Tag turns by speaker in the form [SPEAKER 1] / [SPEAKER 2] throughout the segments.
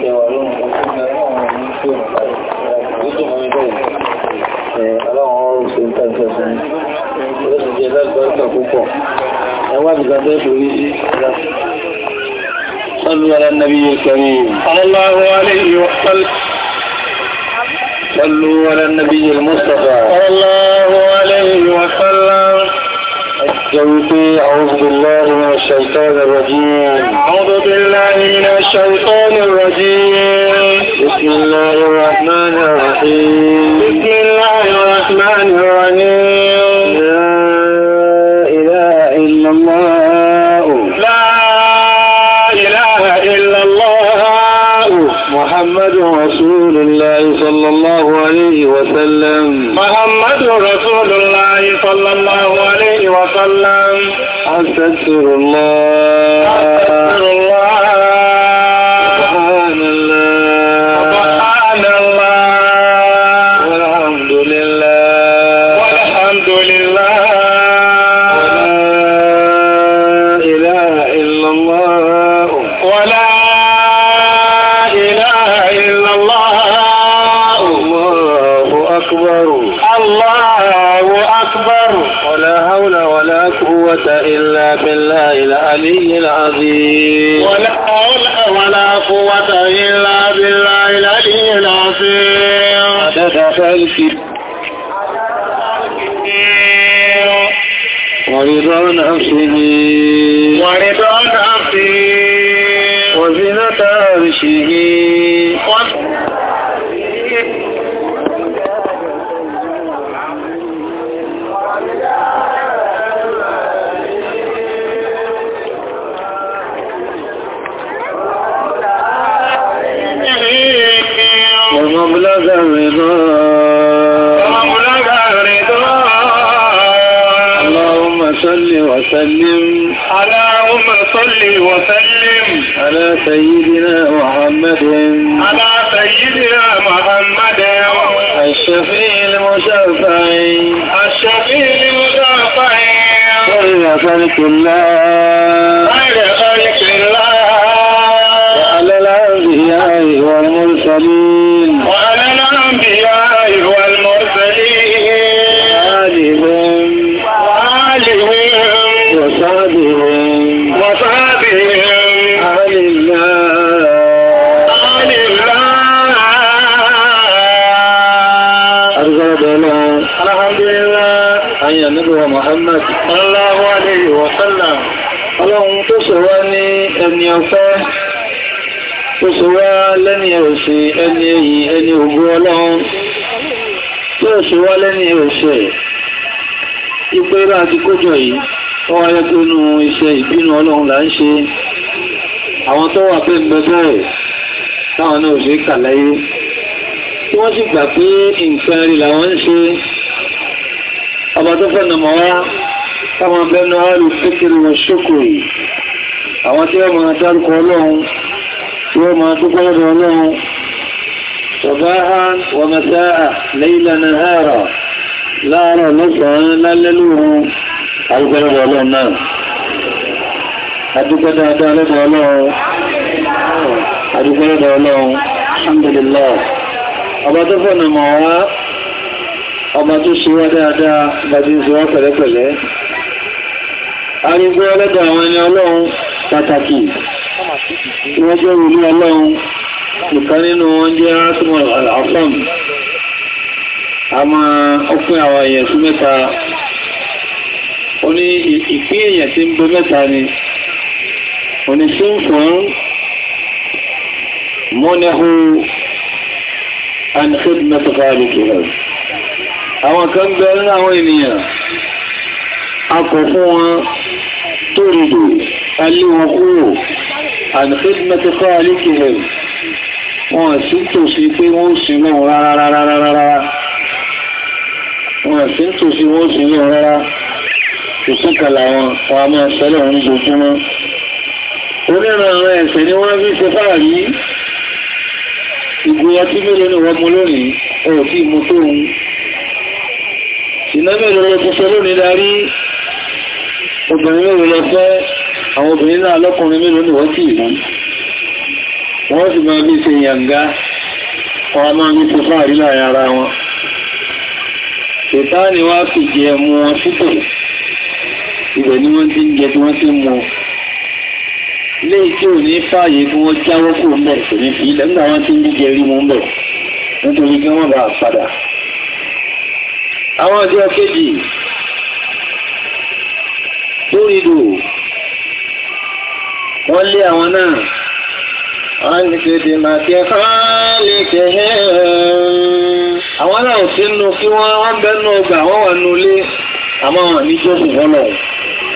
[SPEAKER 1] صلوا على النبي الكريم صلى الله عليه وسلم صلوا على النبي المصطفى صلى الله عليه وسلم التوفي أعوذ بالله من الشيطان الرجيم أعوذ بالله من الشيطان الرجيم بسم الله الرحمن الرحيم بسم الله الرحمن الرحيم لا إله إلا الله محمد رسول الله صلى الله عليه وسلم محمد رسول الله صلى الله عليه وسلم أستغفر الله أستغفر الله decir وسلم اللهم صل وسلم على سيدنا محمد على سيدنا محمد الشفيع المشفع الشفيع المشفع خير خلق الله خير خلق الله وعلى الأنبياء والمرسلين àyìn àníbọ̀wà Muhammad sallallahu alayhi wa sallam ọlọ́run tó sọ̀wá ní ẹni ọ̀fẹ́ tó sọ̀wá lẹ́ni òṣè ẹni èyí ẹni ògbó ọlọ́run tó sọ̀wá lẹ́ni òṣè ipé bá ti kójọ yìí wọ́n ayẹ́ tó nú iṣẹ́ ìbínú ọlọ́run là ń ṣe àwọn tó wà pé gbẹ́gbẹ́ táwọn náà òṣè kàlàyé tí wọ́n sì gbà pé nǹkan rí làwọn ń ṣe ọba tó fẹ́ nàmọ̀ wá táwọn bẹ́nu àárù fíkiri wọn ṣókòrì àwọn tí wọ́n máa dárúkọ ọlọ́run tí wọ́n máa dúpẹ́ lọ́dọ̀ ọlọ́run صباحا ومساء ليلا نهارا لا أرى نصرا لا للوه أقول الله الناس أدوك تعالى الحمد لله أبا تفن معاه ọmọ tó ṣe wá dáadáa bàbí ṣe wá pẹ̀lẹ́pẹ̀lẹ́ arígbó ọlọ́dọ̀ àwọn ẹni ọlọ́run pàtàkì wọ́n jẹ́ ìlú ọlọ́run ìkan nínú wọn jẹ́ rásùmọ̀ àlàáfọ́m a máa ọpín àwọn èèyàn sí mẹ́ta ó ní ìpín èèyàn tí ń bẹ mẹ́ta ni ó ní tí ń fún àwọn kan gbẹ nínú àwọn ènìyàn akọ̀ fún wọn tó rìdò aléwọn kúrò àdìfẹ́dìmẹ́tẹ́ fọ́ alékìhẹ̀ wọn sí tòsí pé wọ́n sí náà rárárárárá wọn sí tòsí wọ́n sí náà rárá ìsúkàlà wọn wọn a máa sẹ́lẹ̀ wọn gbogbo onírànràn ẹ̀sẹ̀ ni wọ́n fi ṣe fáà yìí ìgbòyà tí mélòó ni wọ́n mú lónìí ọ̀tí mú tóun iná mẹ́rin lọ púpọ̀ lónìí darí obìnrin mẹ́rin lọ fẹ́ àwọn obìnrin náà lọ́kùnrin mẹ́rin ní wọ́n sì mú wọ́n sì máa bí ṣe yànga wọ́n máa ní ṣe fáàrí láàrin ara wọn ṣètáàni wá fi jẹ mú wọn sípò ibẹ̀ ni wọ́n ti ń jẹ tí wọ́n ti mú ilé tí ò ní fààyè fún wọ́n jáwọ́ kò ń ní fi ilẹ̀ nígbà wọ́n ti ń jíjẹ rí mú ń nítorí kí bá padà àwọn ọjọ́ kejì lórídò wọ́n lé àwọn náà wọ́n ní ṣe dì máa kí ẹ̀kọ́ lè kẹ̀ẹ́ àwọn náà ò sí nù kí wọ́n wọ́n bẹ́nu ọgbà wọ́n wà nù lé àmọ́ wọn ní jọ́sù fọ́lọ̀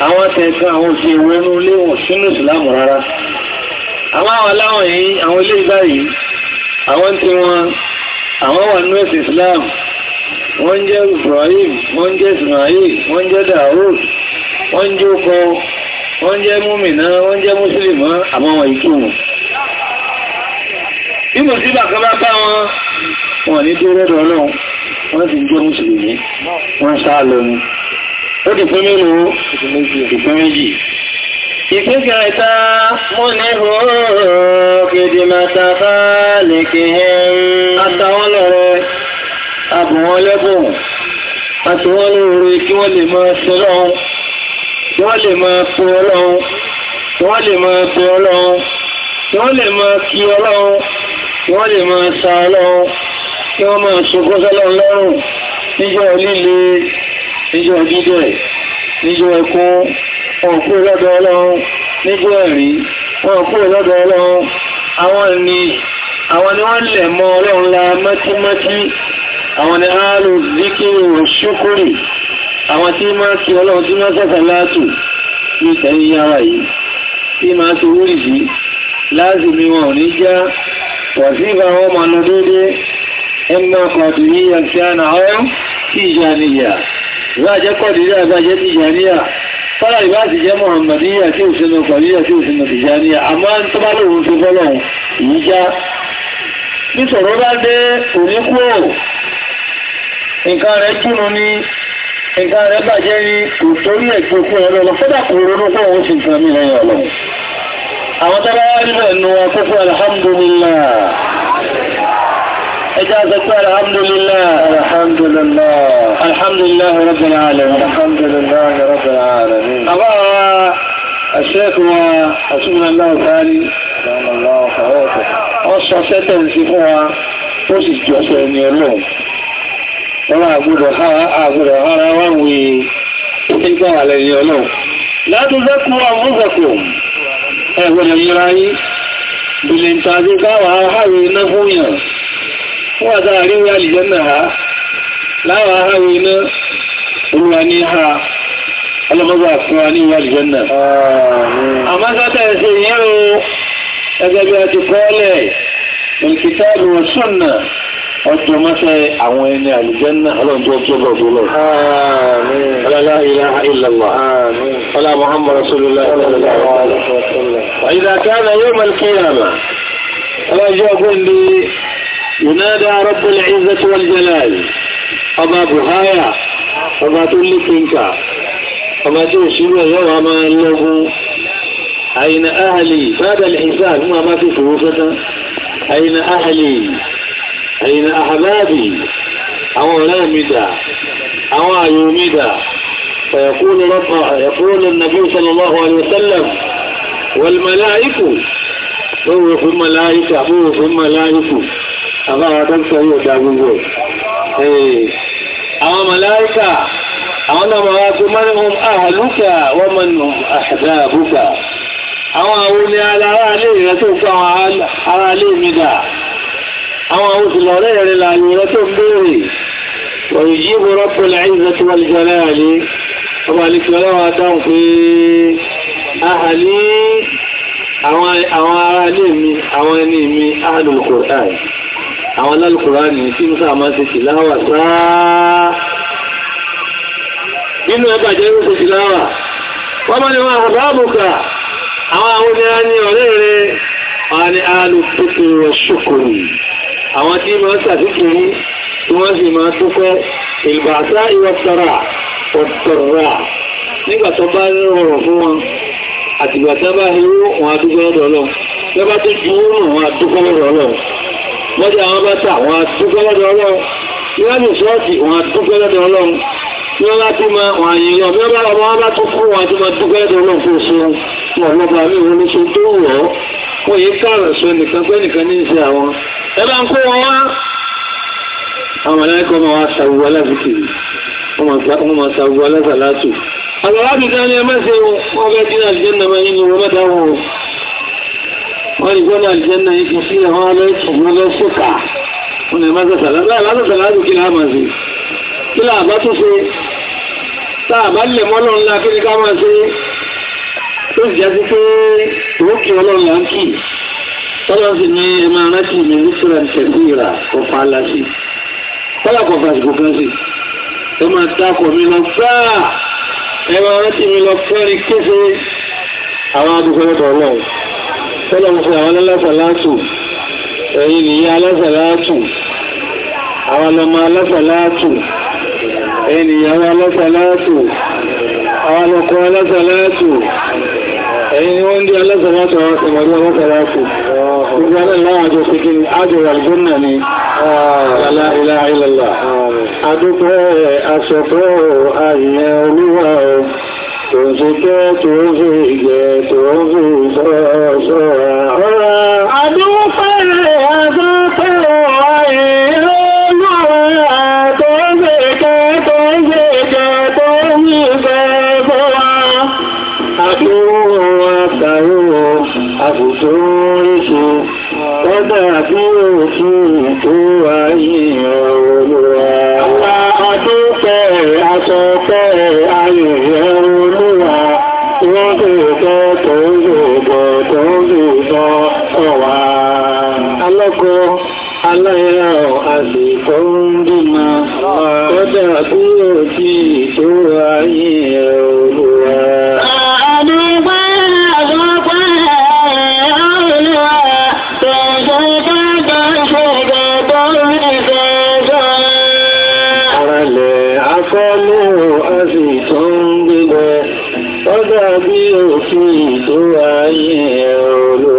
[SPEAKER 1] àwọn tẹ̀ẹ̀kan àwọn òfin ìwé nù lé wọn sínú ìsìlámù rárá àwọn àwọn aláwọ̀ yìí àwọn ilé ìbáyìí àwọn tí wọn àwọn wà nù ẹ̀sìn ìsìlámù wọ́n jẹ́ Ibrahim wọ́n jẹ́ Ismail wọ́n jẹ́ Daoud wọ́n jẹ́ ọkọ̀ wọ́n jẹ́ múmìnà wọ́n jẹ́ mùsùlùmọ́ àmọ́ wọn ìtò wọn
[SPEAKER 2] bí mo sí bàkọ́ bá bá wọn
[SPEAKER 1] wọn ní tó rẹ́dọ̀ ọlọ́run wọ́n ti jẹ́ mùsùlùmí wọ́n sá lọ ni ó ti pín mélòó ìpín méjì ìpín kẹta mọ́ ní hóòrò kìdìmọ̀tàfà lè àbù wọn lẹ́bùn àti wọ́n lóore kí wọ́n lè máa sin lọ́hun wọ́n lè máa fún ọlọ́hun wọ́n lè máa fún ọlọ́hun wọ́n lè máa kí ọlọ́hun wọ́n lè máa sa ọlọ́hun kí wọ́n máa ṣogún sọ́lọ́hun lọ́rùn níjọ́ líle níjọ́ dídẹ̀ níjọ́ ẹkún ọ̀kú lọ́dọ̀ ọlọ́run níjọ́ ẹ̀rí ọ̀kú lọ́dọ̀ ọlọ́run àwọn ni wọ́n lẹ̀ mọ́ ọlọ́run la mọ́tímọ́tí àwọn ni áàlù díkìrì òṣùkúrì àwọn tí máa kí ọlọ́run tí máa sọ́sà látù ní ìtẹ̀yìn ara yìí tí máa ti wúrì sí láàzìmí wọn ò ní já wàsífà wọn máa lọ dédé ẹgbẹ́ kọ̀dìríyà tí a nà ọ́ Tìjàníyà ìbájẹ́ kọ̀dìríyà ìbájẹ́ Tìjàníyà fọ́lá ìbájẹ́ jẹ́ Mọ̀hànmàdíyà tí ò sínú kọ̀dìríyà tí ò sínú Tìjàníyà àmọ́ tó bá lóòrùn tó fọ́lọ̀ ìyíjá nítorọ́ bá dé nǹkan rẹ̀ kírun ní nǹkan rẹ̀ bàjẹ́ ní kò torí ẹ̀gbẹ́ fún ẹ̀rọ lọ fọ́dà kò ronú fún òun sì nǹkan mìíràn yọ̀ lọ àwọn tó bá wá rí bẹ̀ nu wọn kókó alhamdulillah ẹjá sọ pé alhamdulillah alhamdulillah alhamdulillah rabbil alamin alhamdulillah rabbil alamin àbá sí fún wa ó sì jọ́sẹ̀ ẹni ọlọ́run ẹwà àgbúdọ̀ àgbúdọ̀ ara wá wí ẹgbẹ́ àlẹ́ ìyẹn ọlọ́run látún zẹ́kùn àmúzẹ̀kù ẹgbẹ̀rẹ̀ yíra yí bìlẹ̀ntàdé káwà àháwẹ̀ iná fún yàn fún àtà àríwẹ̀ àlìjẹ́ náà láwà àháwẹ̀ iná olúwa ní ha ọlọ́mọ́gbà fún wa ní ìwà àlìjẹ́ náà àmọ́sátẹ̀ ẹ̀sẹ̀ ìyẹ́rọ ẹgbẹ̀gbẹ̀ àti kọ́ọ̀lẹ̀ ẹjọ́ mẹ́sẹ̀ àwọn ẹni àlùjànnà ọlọ́njọ́ ọjọ́bọ̀ ọ̀gbọ́lọ̀ ọlọ́lá ilaha illallah ọlá muhammad rasulullah ọ̀yíká kánà yóò mẹ́lẹ̀kẹ́yàmà ọlọ́jọ́ ọgbọ́ndé yunada rabbul izzati wal jalal ọba buhaya ọba tó lé pínká ọba tí ó ṣírò yọ́wà máa lọ́gún àyìnà ahàlì bá dàlẹ̀ ìsáà fún àmáfífòwò fẹ́tán àyìnà ahàlì حين أحبابي أو لامدا أو عيومدا فيقول رب يقول النبي صلى الله عليه وسلم والملائكة هو في الملائكة هو في الملائكة أما عدم سيئة إيه. جابون جو أو ملائكة أنا مراك من هم أهلك ومن هم أحبابك أو أولي على أهلي رسول صلى الله عليه àwọn òṣìlọ̀rẹ́ rẹ̀ làyìnrẹ́ tó bèèrè ويجيب رب العزة والجلال وذلك لو أتوا في أهلي àwọn ará ilé mi àwọn ẹni mi ahlul Qur'an àwọn alálùkùránì tí ní sáà máa ṣe tìláwà sáà nínú ẹgbà jẹ́ ìwé ṣe tìláwà wọ́n mọ́ ni wọ́n àbábùkà àwọn àwọn onírin ọ̀rẹ́ rẹ̀ wọ́n ni ahlul fitr wa shukr àwọn tí máa ṣàtìkiri tí wọ́n sì máa túkọ́ ìlbàṣá ìwọ̀tara ọ̀tọ̀rà nígbà tó bá rọrùn fún wọn àtìgbà tó bá hewó wọn adúgbò ọ̀dọ̀ lọ bá tó ju oòrùn wọn adúgbò ọ̀dọ̀ lọ mọ́jà àwọn bá tà wọn adúgbò ọ̀dọ̀ lọ ìwádìí ṣọ́ọ̀tì wọn adúgbò ọ̀dọ̀ lọ ní wọ́n bá tó máa bá tó kú àti máa dúgbò ọ̀dọ̀ lọ fún òṣèlú wọn lọ́ba ní ṣe tó wọ̀ wọ́n yìí sọ̀rọ̀ sọ nìkan pé nìkan ní ìṣẹ́ àwọn ẹbá ń kó wọn wá àwọn aláìkọ́ ma wá sàwọ́ aláàbùkì wọ́n ma sàwọ́ aláàbàlátù àwọn alábìkà ní ẹmẹ́sẹ̀ wọ́n bẹ́ tí àlìjẹ́nà máa yínú wọ́n mẹ́ta wọ́n wọ́n ni gbọ́nà àlìjẹ́nà yìí kì sí àwọn alẹ́sọ̀gbọ́lọ́sọ̀kà wọ́n ni ẹmẹ́sẹ̀ sàlá tó sì jásí pé òkè ọlọ́run là ń kì tọ́lọ́ sì ní ẹ máa rántí mi ní fúlàn tẹ̀sí ìrà ọ̀fà aláṣí tọ́lá kọ̀ fàṣìkò kan sí ẹ máa takọ̀ mi lọ fáà ẹ máa rántí mi lọ fẹ́rí kéfé àwọn adúgbòrò ọlọ́run tọ́lọ́ fún àwọn alásàlátù ẹ̀yìn nìyí alásàlátù àwọn ọmọ alásàlátù ẹ̀yìn nìyí àwọn alásàlátù àwọn ọkọ̀ alásàlátù ẹ̀yìn wọ́n dí alágbàmátà wọn sí mọ̀lú ọmọ kàláfù gbogbo aláwọ̀ àjọ síkí ni àjọ àlùgbọ́nà ni la ilaha illallah adúpẹ́ aṣọ́pẹ́ àyẹ̀ olúwa tó ń ṣe kẹ́ tó ń fi ìgẹ̀ tó ń fi ìṣọ́ sóríṣe kọ́dà ń gbogbo tó ń gbogbo ọwà tó ayé olúwa òfin ìlú ayé ẹ̀rọ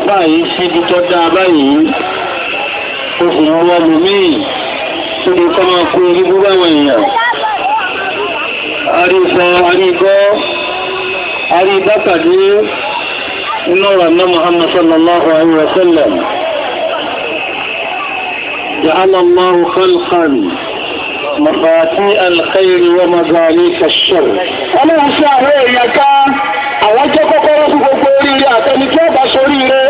[SPEAKER 1] àfá yìí síbi tó dáa báyìí ó fi mú ọmọ míì tó lè kọ́ máa kú orí búrú àwọn èèyàn àrífọ́ àrígọ́ àríbákàdé inú ọ̀rọ̀ náà Muhammad sallallahu alaihi wasallam جعل الله خلقا مفاتيح الخير ومغاليق الشر ọlọ́run sí àwọn èèyàn àwọn tó kọ́kọ́rọ́ fún gbogbo oríire àtẹni tí ó bá ṣoríire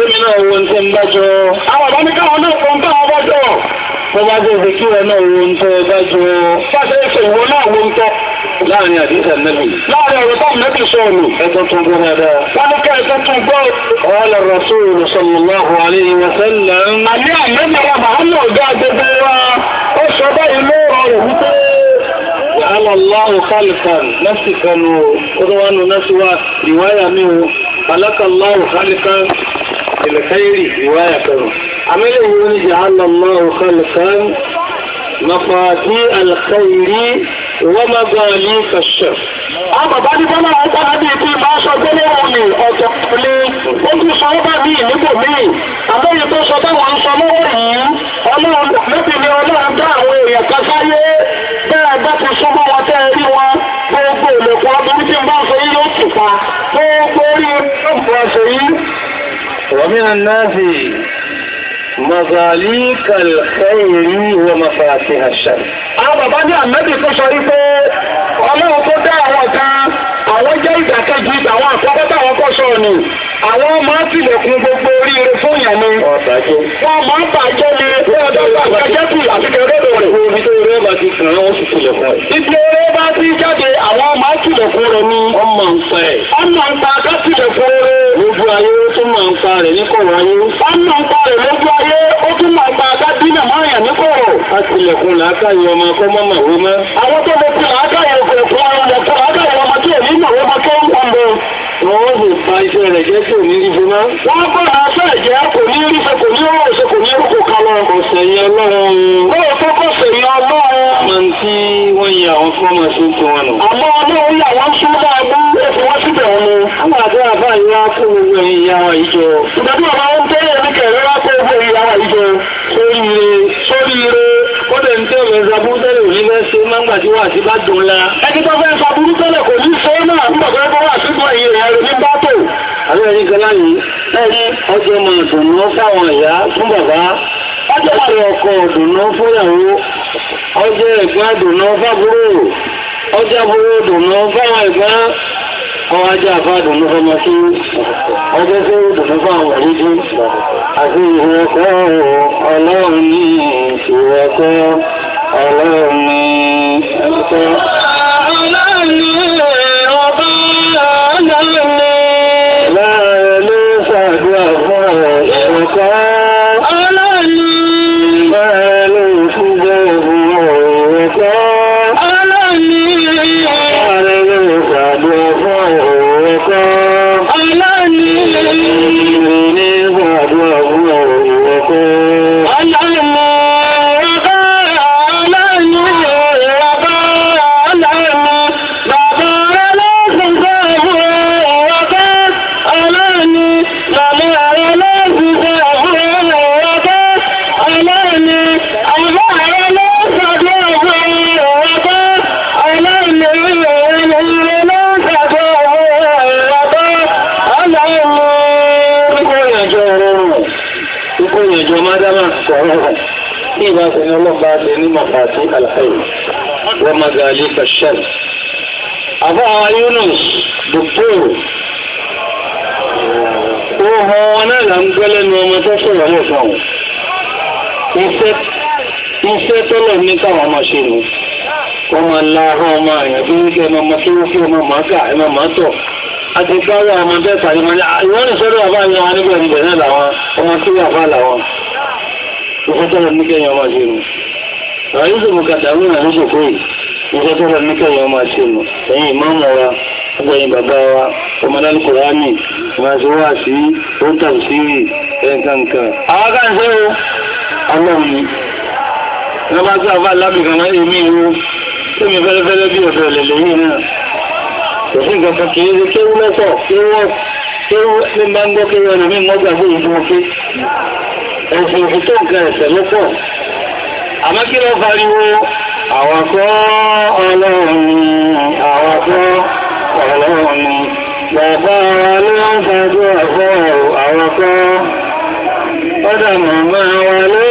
[SPEAKER 1] kémi náà wo ní tẹ́ ń bá jọ. Àwọn ọ̀dọ́ ní káwọn náà fọ́n bá wọn bá jọ. Wọ́n bá jẹ́ ìdí kí wọn náà wo ní tẹ́ bá jọ. Fáṣẹ́ ìṣe ìwọ náà wo ní tọ́. Láàrin àdísà nẹ́bì. Láàrin ọ̀rọ̀ tó nẹ́bì sọ̀rọ̀. Ẹ̀tọ́ tún gbọ́ dáadáa. Wọ́n ní ká ẹ̀tọ́ tún gbọ́. Ọ̀la Rasúlù sallallahu alayhi wa sallam. Àní àmì mara Màhánà ọ̀gá gbogbo wa. Ó sọ báyìí ló rọrùn wípé. Yàrá Allahu khalifan, nafsi kanu, ó tó wá nu nafsi wa, ìwáyà mi o. Alákàlá ò khalifan. الخيري رواية كذا عمله جعل الله خلقا مفاتيح الخير ومباليك الشر
[SPEAKER 2] أما بعد فما أقول هذه ما شاء الله مني أو تقبلي
[SPEAKER 1] أنت شعبا مي نقول أما يتو شعبا عن شمعه مي أما نحن أنت أهوي كفاية ومن الناس مظاليك الخير ومفاتيح الشر àwọn bàbá ní àmẹ́bì tó sọ wípé ọlọ́run tó dá àwọn kan àwọn jẹ́ ìdàkejì àwọn àkọ́kọ́ táwọn kọ́ sọ ni àwọn máa ń tilẹ̀kùn gbogbo oríire fún ìyàn ni wọ́n máa ń bàjẹ́ ni ọjọ́ bàjẹ́ kù àti kẹrẹ́dọ̀ rẹ̀. ibi eré bá ti kàn án wọ́n sì tilẹ̀kùn rẹ̀. ibi eré bá ti jáde àwọn máa ń tilẹ̀kùn rẹ̀ ni. ọmọ nǹkan ẹ̀. ọmọ nǹkan ká tilẹ̀kùn rẹ̀ ní kọ̀rọ̀ ayé. wọ́n mọ̀ rẹ̀ lójú ayé ó tún mọ̀ ń pa àgbá dínà mọ́ ní kọ̀rọ̀. a tilẹ̀kùn làákàyè ọmọ kọ́ mọ́ màwé mọ́. àwọn tó lè fi làákàyè òkè fún ara rẹ̀ làákàyè ọmọ tí èmi màwé mọ́ tó ń pọ̀ mọ́. wọ́n sì pa iṣẹ́ rẹ̀ jẹ́ kí òní rífe wọ́n gbọ́dọ̀ Nígbà tí dùn náà fáwọn ẹ̀gbọ́n wọ́n wá jẹ́ àfá àdùnnú fọmọ sí ọjọ́ tí ó dùn fún àwọn ìrújú àti ìwọ̀kọ́ ọlọ́run ní ìṣòwọ́kọ́ ọlọ́run ní ẹ̀kọ́ àjọ mádàmà sọ̀rọ̀ rẹ̀ ní ìbáṣẹ̀ni ọlọ́pàá àti ní màfàtí àlàáyé wọ́n má gàálí kàṣẹ́l àfáà Yunus dòktóòrò ohun ọ̀nà ìlàngbẹ́lẹ́nu ọmọ tó sọ̀rọ̀ lè fún iṣẹ́ tó lọ ní káwọn ọmọ ṣe ní ọmọ aláhọ́ ọmọ àyàn àti káwọn ọmọ bẹ́ẹ̀ pàdé mọ́ ní wọn níbẹ̀ níbẹ̀ náà làwọn ọmọ tó wà fà làwọn ìfẹ́tọ́rọ̀ ní kẹyàn máa ṣe nù àríṣẹ́ bukata wọ́n àrí ṣòkó yìí ìfẹ́tọ́rọ̀ ní kẹyàn máa ṣe nù ẹ̀yìn ìmáàmù wa ọgbẹ̀yìn bàbá wa ọmọdálùkùránì ìmáṣẹ́wà sí ótàṣírì ẹ̀kankan àwákàṣẹ́ o alọ́ni wọ́n bá sáà bá lábìkan èmi ìwú tẹ́mi fẹ́lẹ́fẹ́lẹ́ bí ọ̀fẹ́ lẹ̀lẹ́yìn náà kò sí nǹkan kan kìí ṣe kéwú lẹ́sọ̀ kí wọ́n tí ó fi máa ń gbọ́ kí ẹrù mí mọ́ gbàgbé ìfún òfin ẹ̀sìn òfin tó nǹkan ẹ̀sẹ̀ ló pọ̀ àmọ́ kí ló fariwo àwàkọ́ ọlọ́run àwàkọ́ ọlọ́run bàbá wa ló ń fagbó àfọ́ àwàkọ́ ọ̀dà màmá wa ló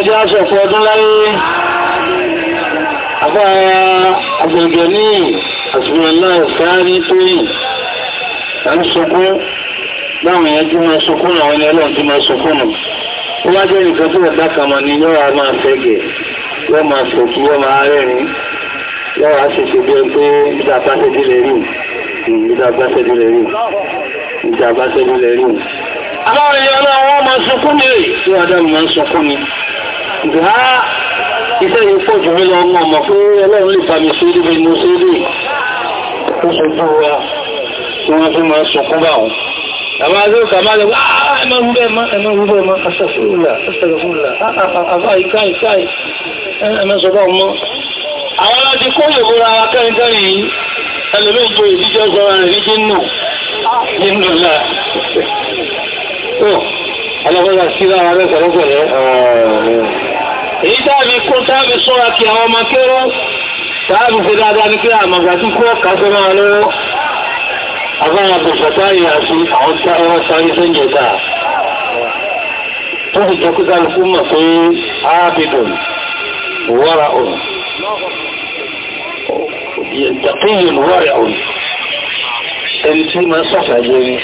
[SPEAKER 1] ọlọ́mọdé aṣọ̀fọ́ ọdún láyé afára agbègbè ní àṣìwọ̀lá ìfáàrí tó yìí à ń sọkún láwọn èèyàn tí máa sọkún àwọn ilẹ̀ ọlọ́run tí máa sọkún nù ó wá jẹ́ nìkan tí ọ̀dá kan mọ̀ ní yọ́ra máa fẹ́gẹ̀ yọ́ máa fòkí yọ́ máa rẹ́rìn yọ́ra sì ṣe bí ẹ pé ìdá abáṣẹ́dílẹ̀ rí ìdá abáṣẹ́dílẹ̀ rí ìdá abáṣẹ́dílẹ̀ rí àwọn èèyàn náà wọ́n máa sọkún ní tí ọ̀dá mi máa sọkún ni ha iṣẹ́ yìí pọ̀ jù mí lọ ọmọ ọmọ fún ọlọ́run lè fàmì sí ilé inú sí ilé ìṣojú wa tí wọ́n fi máa sọkún bá wọn àmá ló kà máa lọ wá ah, ah, ẹmọ rúbẹ̀ mọ́ ẹmọ rúbẹ̀ mọ́ asàfúrúlà asàfúrúlà àfà ìká ìká ẹmọ sọ̀bọ̀ mọ́ àwọn aláti kó ìwòrò ara kẹrìnkẹrìn yìí ẹlẹ́mẹ́ ìjọ ìdíjọ́ sọ́ra rẹ̀ ní jínú jínú là alábọ́dà sí lára rẹ̀ pẹ̀lẹ́pẹ̀lẹ́ èyí táàbí kó táàbí sọ́ra kí àwọn ọmọ kéró táàbí fi dáadáa ní pé àmàgbà tí kó kásẹ̀ máa lọ́wọ́ àbára bùsọ̀tá ìyàsí àwọn tí wọ́n sáré sẹ́ńjẹ̀ dáa tó fi jẹ́ kó kálukú mọ̀ pé ábìdùn wọ́ra òun tàbíyìn wọ́ra òun ẹni tí máa sọ̀tà jẹ́ ni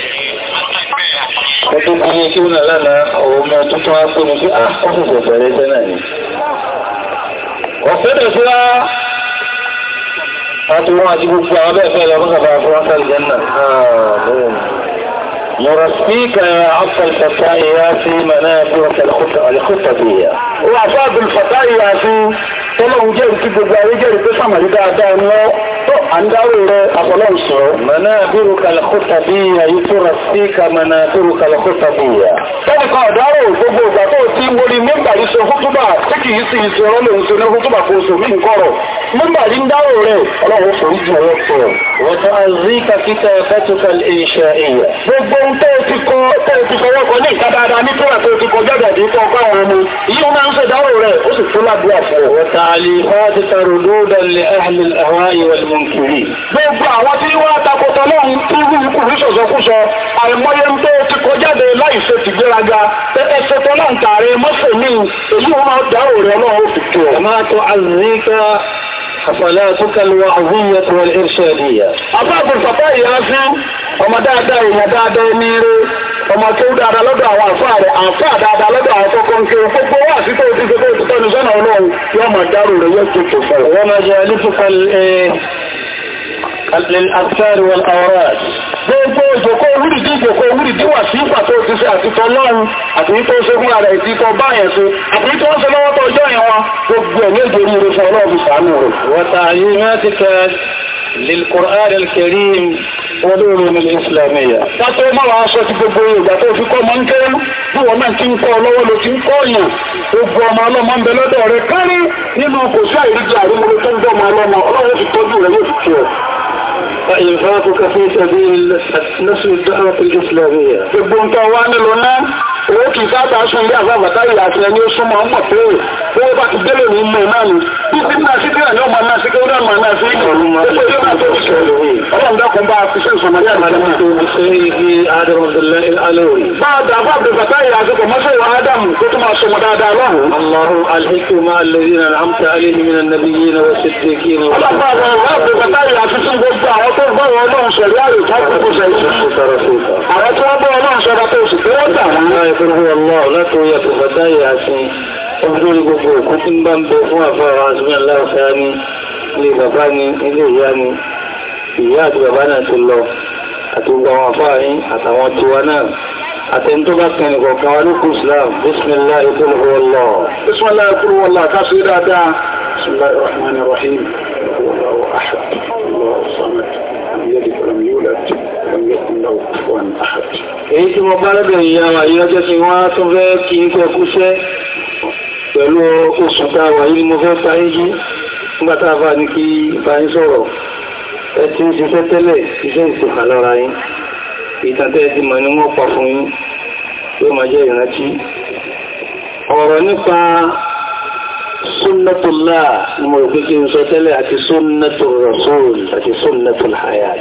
[SPEAKER 1] ẹ̀tọ́ bí ní kí ó nà lánàá ọ̀rọ̀ mọ́ tó tún á pé mi pé ọ́fíìsì bẹ̀rẹ̀ iṣẹ́ náà ni ọ̀fẹ́dẹ̀ fún wa àti wọn àti gbogbo àwọn bẹ́ẹ̀ fẹ́ lọ fún kàfà fún wọn sálì jẹ́ náà نرسميك عصا الفتايا في منابرك الخطبية وعصاب الفتايا في tọ́lọ́run jẹ́ ìdíje gba ayé jẹ́ ìpé sàmàlí dáadáa ní ọ́ tó àndáró rẹ̀ àfọlọ́run sọ. mọ̀nà bírù kàlẹ́kọ́ tàbí ayé tó rà sí ka mọ̀nà bírù kàlẹ́kọ́ tàbí ya. tẹ́nìkan ọ̀dáró gbogbo ìgbà tó ti ń wọlé mẹ́mbà yìí sọ hútúbà tí kì í sì í sọ ọ́ lòun sọ ní hútúbà kò sọ mí nkọ́rọ̀ mẹ́mbà yìí ń dáró rẹ̀ ọlọ́run forí jù ọ ohun tó o ti kọ tó o ti fọwọ́ kọ ní ìta dáadáa ní tóra tó o ti kọjá bẹ̀ẹ̀dì kọ ọgbà àwọn ọmọ yìí ó máa ń ṣèdánwò rẹ̀ ó sì fún ládùúgbà fún ọ. wọ́n ta lè kọ́ ti tẹ̀rù lóòdà lè ahli al-ahwa'i wal-munkiri. gbogbo àwọn tí wọ́n atakọ̀tọ̀ náà ń tú kù ní sọ̀sọ̀kúsọ àìmọye ń tó o ti kọjá bẹ̀ láì ṣe ti gbéraga pẹ́pẹ́ ṣetán náà ń tààrẹ mọ́sẹ̀ mi èyí ó máa dáwò rẹ̀ náà ó fi tó ọ. حفلاتك الوعظية والإرشادية أباب الفتاة يرسل وما دادا وما دادا ميري ọmọ tó dáadáa lọ́dọ̀ àwọn àfáà rẹ̀ àfáà dáadáa lọ́dọ̀ àwọn tó kọ́ ń kí gbogbo wà sí tó ti ṣe tó ti tọ́nu sọ́nà ọlọ́run yóò máa dárò gbogbo ìjòkó wúrì tí ìjòkó wúrì tí wà sí ìpàtó ti ṣe àtìtọ́ lọ́run àti ní tó ń ṣegún ara ẹ̀ ti tọ́ báyẹn ṣe àti ní tó ń ṣe lọ́wọ́ tó ọjọ́ yẹn wọn gbogbo ẹ̀ méje ní ire fún ọlọ́run sàánú rẹ̀. wọ́tà yìí náà ti kẹ́ للقرآن الكريم والعلوم الإسلامية. Kátó máa wá aṣọ ti gbogbo ìgbà tó fi kọ́ máa وإنفاقك في سبيل نسل الدعوة الإسلامية. owó kì í sábà sún ilé àgbà bàtà ìyá àti ẹni ó súnmọ́ ọmọ pé owó bá ti délé ní mọ náà ni títí náà sí kíláà ní ọmọ náà sí kíláà máa náà sí ọlọ́run dákun bá fi ṣe ìsọ̀nà ní àgbàdo mi. ṣé ibi adamọ̀dẹ́lẹ́ alóòrì. bá a dà bá a bẹ bàtà ìyá àti kòmọ́sọ̀ ìwà ádámù tó tún máa sọmọ dáadáa lọ́hùn. aláhùn alhikuma alẹ́yìn alhamta alẹ́yìn mi náà nàbí yìí náà wọ́n ṣe dé kí ni. ọlọ́run bá a bẹ bàtà ìyá àti tún قل Allah, الله لا تويت فتاي عسين ọdún gbogbo òkú tí ń bá ń bẹ fún àfáà àṣíyàn láàfáà ní ilé bàbá ní ilé ìyá ní ìyá àti bàbá náà ti lọ àti àwọn àfáà ní àtàwọn tiwa náà àtẹni tó èyí tí mo bá lẹ́bẹ̀rẹ̀ ìyá wà yí ọjọ́ tí wọ́n tó fẹ́ kí ní kọkúṣẹ́ pẹ̀lú oṣù táwà yí mo fẹ́ parí jí nígbàtà bá ní kí bá ń sọ̀rọ̀ ẹ ti ń ṣiṣẹ́ tẹ́lẹ̀ iṣẹ́ ìsìnkà lọ́ra yín ìtàtẹ́ ti mọ̀ ní wọ́n pa fún yín tó máa jẹ́ ìrántí ọ̀rọ̀ nípa sunnatullah ni mo rò pé kí n sọ tẹ́lẹ̀ àti sunnatul rasul àti sunnatul hayat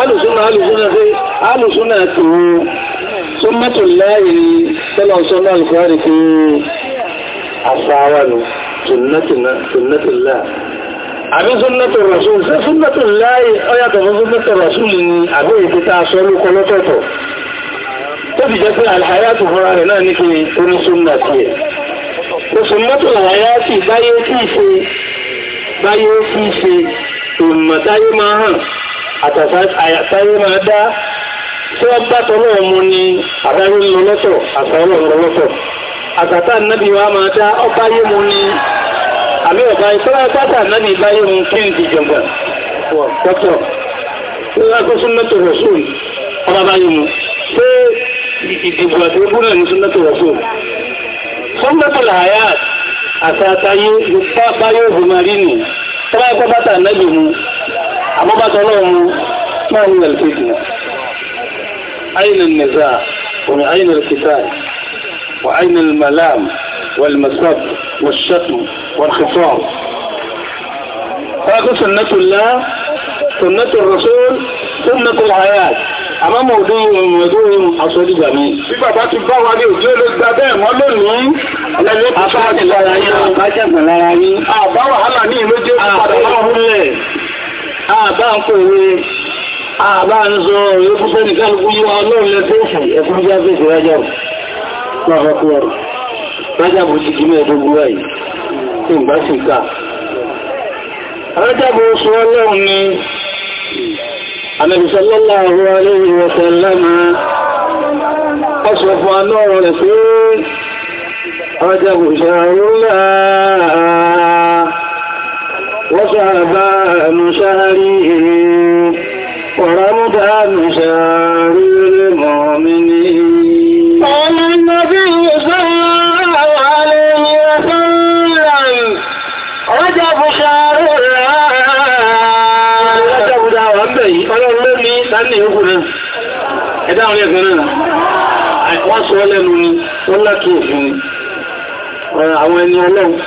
[SPEAKER 1] alùsúnà alùsúnà sí alùsúnà tó súnmọ́tò láàyè tọ́lọ̀ sọ́nà alùkọ́rì kí àfáwà nù sunnatullah àbí súnmọ́tò rasul sí súnmọ́tò láàyè ọyàtọ̀ fún súnmọ́tò rasul ni àbí ìpítà sọ́lú kọlọ́tọ̀tọ̀ tó fi jẹ́ pé àlàyàtù fúnra rẹ̀ náà ní kí onísúnnà sí ẹ̀ àtàsáyé máa dá tí wọ́n bá tọ́ náà mú ní àtàrí lọ́lọ́tọ̀ àtàrí lọ́lọ́tọ̀ àtàtà náàbí wa máa dá ọbáyé mú ní àmì ọ̀bá ìtọ́lá pátá náàbí báyé mú kí n ti jọ̀gbà wọ̀ pọ́tọ̀ tí wọ́n kó súnmọ́tò rọ̀sùn ọba báyé mú pé ìdìbò àti ogún náà ní súnmọ́tò rọ̀sùn súnmọ́tò làyà àtàtà yóò bá báyé òbí màrí nì tọ́lá pátá أما ما هي الفتنة أين النزاع وأين القتال؟ وأين الملام والمسب والشتم والخصام هذه سنة الله سنة الرسول سنة الحياة أمام موضوع موضوع أصول جميل في بابا تبقى وعلي وجيل الزبان ولوني لن يبقى أصول جميل أصول جميل أصول جميل أصول جميل أصول جميل àbá ń pè ní àbá ń sọ òye púpẹ́ nìkan kú yíwa ọlọ́run lẹ́tẹ́ẹ̀fì ẹ̀kún jẹ́ fèsì rájà lọ́fọ́kúrọ̀ rájà bó ti jùlọ ẹ̀dógún rẹ̀ pé rájà bó ṣe àrùn وشعبان شهري ورمضان شهري المؤمنين قال النبي صلى الله عليه وسلم رجب شهر الله رجب دعوة أمبي قال الله سألني يقول ẹ̀dáwọn ẹgbẹ̀rẹ̀ náà wọ́n sọ ọlẹ́nu ni wọ́n lákìí fún àwọn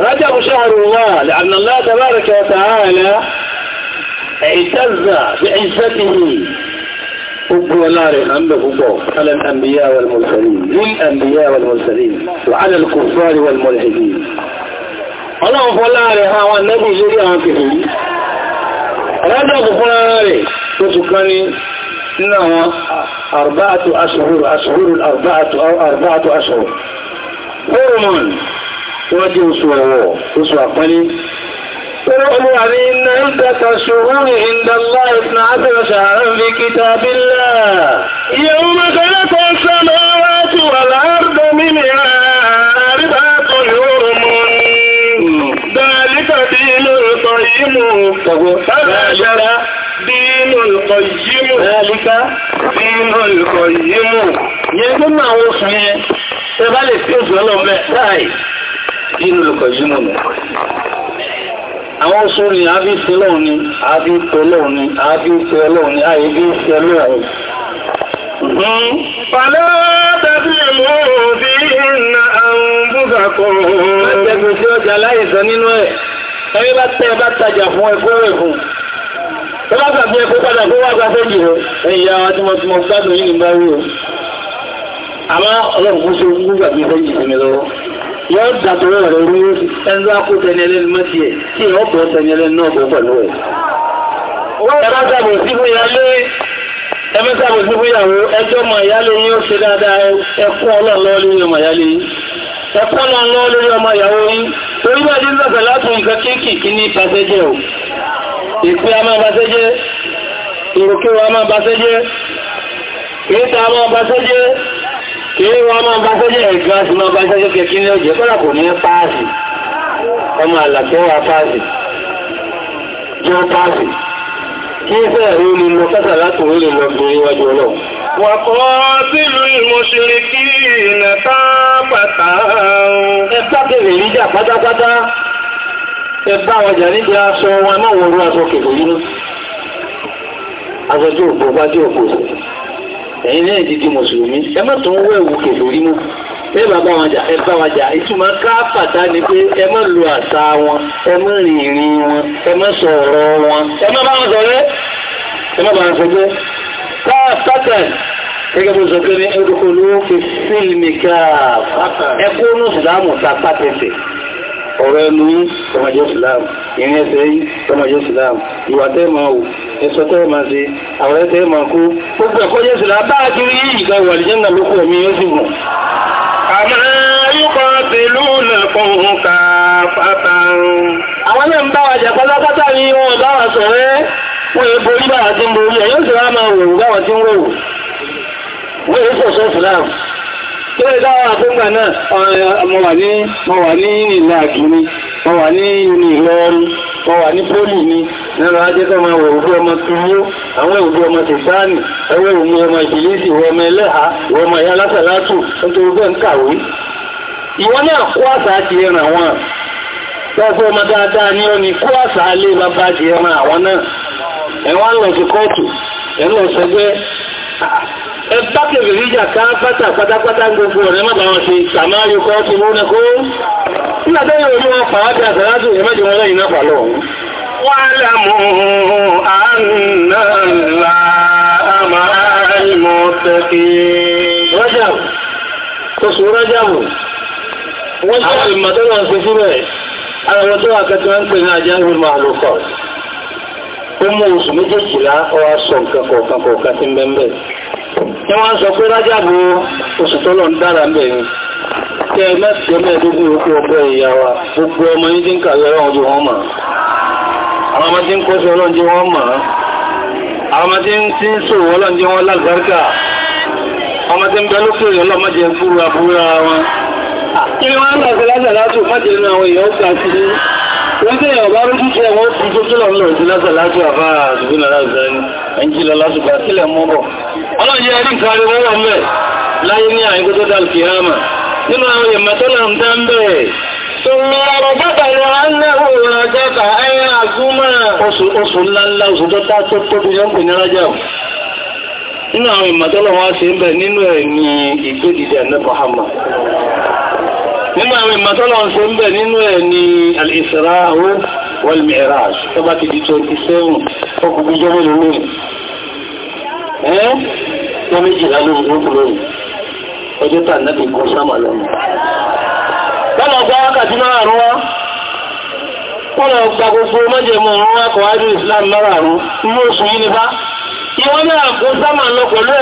[SPEAKER 1] رجع شهر الله لأن الله تبارك وتعالى اعتز بعزته أبو نار أم بفضوح على الأنبياء والمرسلين للأنبياء والمرسلين وعلى الكفار والملحدين الله فلا رها والنبي جري عنه رجع فلا رها وتكني إنها أربعة أشهر أشهر الأربعة أو أربعة أشهر هرمان wọ́n jẹ́ oṣù ọ̀wọ̀ oṣù àpọ́lé Olúwa ní iná ń tàkà ṣòhúrì ìndàlá ìfìnà àbẹ̀rẹ̀ ṣàárán fi kìtà bílá. Yẹ̀wú mẹ́kànlẹ́ kan sọ́nà wá tí wà láàrùdọ́ mímì àríbá tó yóò mú ní. Dàlíkà bí inú ìtọ̀ yìí nínú lùkọ̀ yìí mọ̀ àwọn oṣù ni a fi ṣe lọ́wọ́ ni a fi pẹ̀ lọ́wọ́ ni a fi ṣe ni a yìí fi ṣe lọ́wọ́ Fàlẹ́ tàbí mọ́ sí ìrìnà àwọn búkàkùn. Ẹgbẹ̀gbẹ̀ tí ó jà láìsọ nínú ẹ̀, ẹgbẹ́ bá tẹ́ bá tajà fún ẹkọ́ rẹ̀ fún. Ó bá gbàgbé ẹkọ́ padà kó wá gbà fẹ́ jù rẹ̀, ẹ̀yà àwọn tí mo ti mọ̀ gbádùn yìí ní bá Àmá ọlọ́run yóò dàtọ̀wọ́ rẹ̀ rú yóò kó tẹni ẹlẹ́ni ẹ̀ tí yóò bọ́ tẹni náà bọ́ pẹ̀lú ẹ̀. ẹmẹ́ sàbò ẹjọ́ mọ̀ ìyálé ṣe dáadáa ẹkún ọlọ́ọ̀lọ́ lórí ọmọ ìyálé yìí ẹkún ọlọ́ọ̀lọ́ lórí ọmọ ìyàwó yìí torí bá dín sàbẹ̀ látún nǹkan kéékìkí ní ìpàṣẹjẹ ò ìpé a máa bàṣẹjẹ ìròkè wa máa bàṣẹjẹ ìta máa bàṣẹjẹ kí wọ́n máa bá sọ́jẹ́ ẹ̀gbọ́n sí máa bá sọ́jẹ́ kẹkí ní ọjọ́ kọ́lá kò ní páàsì ọmọ àlàgbọ́wà páàsì jọ páàsì kí ń fẹ́ ẹ̀rọ ní lọ kásà láti orí lọ bí iwájú ọlọ́ wàkọ́ sílù ìmọ̀ṣẹ̀rẹ̀ kí ìrìnà tápàtà ẹgbá kèrè níjà pátápátá tí òpó bá sí ẹ̀yin náà ti di mùsùlùmí ẹ má tún wọ ẹ̀wù kèlórí mú ẹ bá bá wọn jà ẹ bá wọn jà ìtumọ̀ káfàtà ni pé ẹ má lo àṣà wọn ẹ má rìn ìrìn wọn ẹ má sọ̀rọ̀ wọn ẹ má bá wọn sọ̀rẹ́ ẹ má bá wọn sọ̀rẹ́ káfàtà gẹ́gẹ́ bó sọ pé ní ẹgbẹ́ olówó fi sílmì káfà ẹkú ní ìsìlámù ta pátẹ́sẹ̀ ọ̀rọ̀ ẹnu yí tọmọjẹ́ islam ìrìn ẹsẹ̀ yí tọmọjẹ́ islam ìwà tẹ́ẹ̀mà ò ẹsọ tẹ́ẹ̀mà sí àwọn ẹtẹ́ẹ̀mà kú gbogbo ẹ̀kọ́ jẹ́ islam bá a kiri yí ìgbà ìwà àlìjẹ́nà ló kọ̀ mí ó sì mọ̀. àmọ́ ayúkọ ti lóòlù kọ̀ọ̀hún ká pátá. àwọn náà ń bá wa jà pátápátá ni wọn bá wa sọ̀rẹ́ wọn èé borí bá wa ti ń borí ẹ̀ yóò sì tó lè dáwà àfẹ́gbà náà mo wà ní ìlà àkìní mo wà ní ìlú ìlọrin mo wà ní pólì ní nínú ajẹ́kọ́ ma wọ̀ òfú ọmọ túnmú àwọn òfú ọmọ tìsáàni ẹwẹ́ òmú ọmọ ìbìlísì ìwọ ọmọ ẹlẹ́ha ìwọ ọmọ ìyá lásàlátù nítorí bẹ́ẹ̀ ń kàwé ìwọ náà kó àṣà ti ẹran àwọn lọ́fọ́ ọmọ dáadáa ní ọ́ ni kó àṣà alé bàbá ẹ bá kèbè ríjà ká pátá pátápátá gbogbo ọ̀rẹ́ má wọn ṣe sàmárì kọ́ ti mú náà kó nígbà tó yẹ orí wọn bí àtàrádù yẹ mẹ́jọ wọn lẹ́yìn náà pà lọ. wọ́n lè mú àánà ńlá àmàlìmọ̀ tẹ́kì. rọ́jàbù oṣù rọ́jàbù wọ́n jẹ́ ìmọ̀tọ́lọ́ ṣe fún ẹ̀ tó wà kẹta ń pè ní àjáwé màálùkọ̀ ó mú oṣù méjèèjìlá ọ ẹ wọ́n sọ pé rájàbò oṣù tọ́lọ̀ ń dára mẹ́ tẹ́ mẹ́sẹ̀ mẹ́ẹ̀dógún òkú ọgbẹ́ ìyá wa gbogbo ọmọ yìí dínkà wọ́n tẹ́ ọ̀bá rújú jẹ́ wọ́n fi tó tó lọ́nà ìdílásẹ̀ látò àfáà àdúgbò láti ẹni ẹ̀yìn jìlọ lásùgbà sílẹ̀ mọ́bọ̀ ọlọ́yẹ ẹ̀rí nǹkan rẹ̀ wọ́wọ́ mẹ́ láyé ní àyíkó tó dá alkiyama nínú àwọn èèmọ̀ tó là ń dá ń bẹ̀ Sọ̀rọ̀ bọ́bà ni a ń lẹ́wọ̀ ìrọ̀jẹ́ta ẹ̀yìn àzúmọ̀. Oṣù ńláńlá oṣù tó tá tó tóbi yẹn kò ní rájẹ́ nínú àwọn ìmọ̀tọ́lọ̀wọ́ ṣe ń bẹ̀ nínú ẹ̀ ní ìgbédìdẹ̀ ẹ̀nẹ́kọ̀ hàmà nínú àwọn ìmọ̀tọ́lọ̀wọ́ ṣe ń bẹ̀ nínú ẹ̀ ní al-Isra wal-Mi'raj tó bá ti di 27 ọkùnrin jọmọ́ lónìí ẹ́ tó méjìlá ló ń gbogbo lórí ọjọ́ tà náàbì kan sáàmà lọ́nà bọ́lọ̀ gba wákàtí máa rún wá bọ́lọ̀ gba gbogbo mọ́jẹ̀mọ̀ rún wá kọ̀wájú Islam máa rún inú oṣù yìí ni bá ìwọ́n náà kó sáàmà lọ pẹ̀lú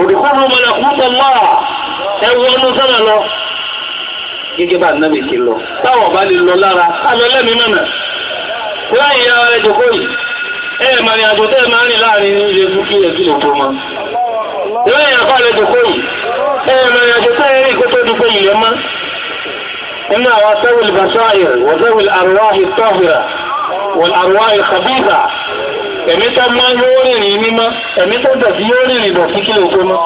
[SPEAKER 1] òdìkúrú mọ̀lẹ̀ púpọ̀ mọ́ra ẹwọ ọdún sọ́nà lọ gẹ́gẹ́ bá nábì ti lọ táwọ̀ bá lè lọ lára alọ lẹ́mí mọ̀nà láyé ara rẹ̀ jòkó yìí ẹ̀rẹ̀ màrí àjò tẹ́ máa rìn láàrin ní ilé fún kí ẹ̀ sí lòkó mọ́ láyé àpá rẹ̀ jòkó yìí ẹ̀rẹ̀ màrí àjò tẹ́ rí kó tó dúpẹ́ ilẹ̀ mọ́ inú àwọn sẹ́wìl basáyẹ̀ wọ́sẹ́wìl àrùwáhì tọ́hìrà wọ́l àrùwáhì khabíhà ẹ̀mí tó mọ́ yóò rìnrìn mímọ́ ẹ̀mí tó dọ̀tí yóò rìnrìn dọ̀tí kí lè tó mọ́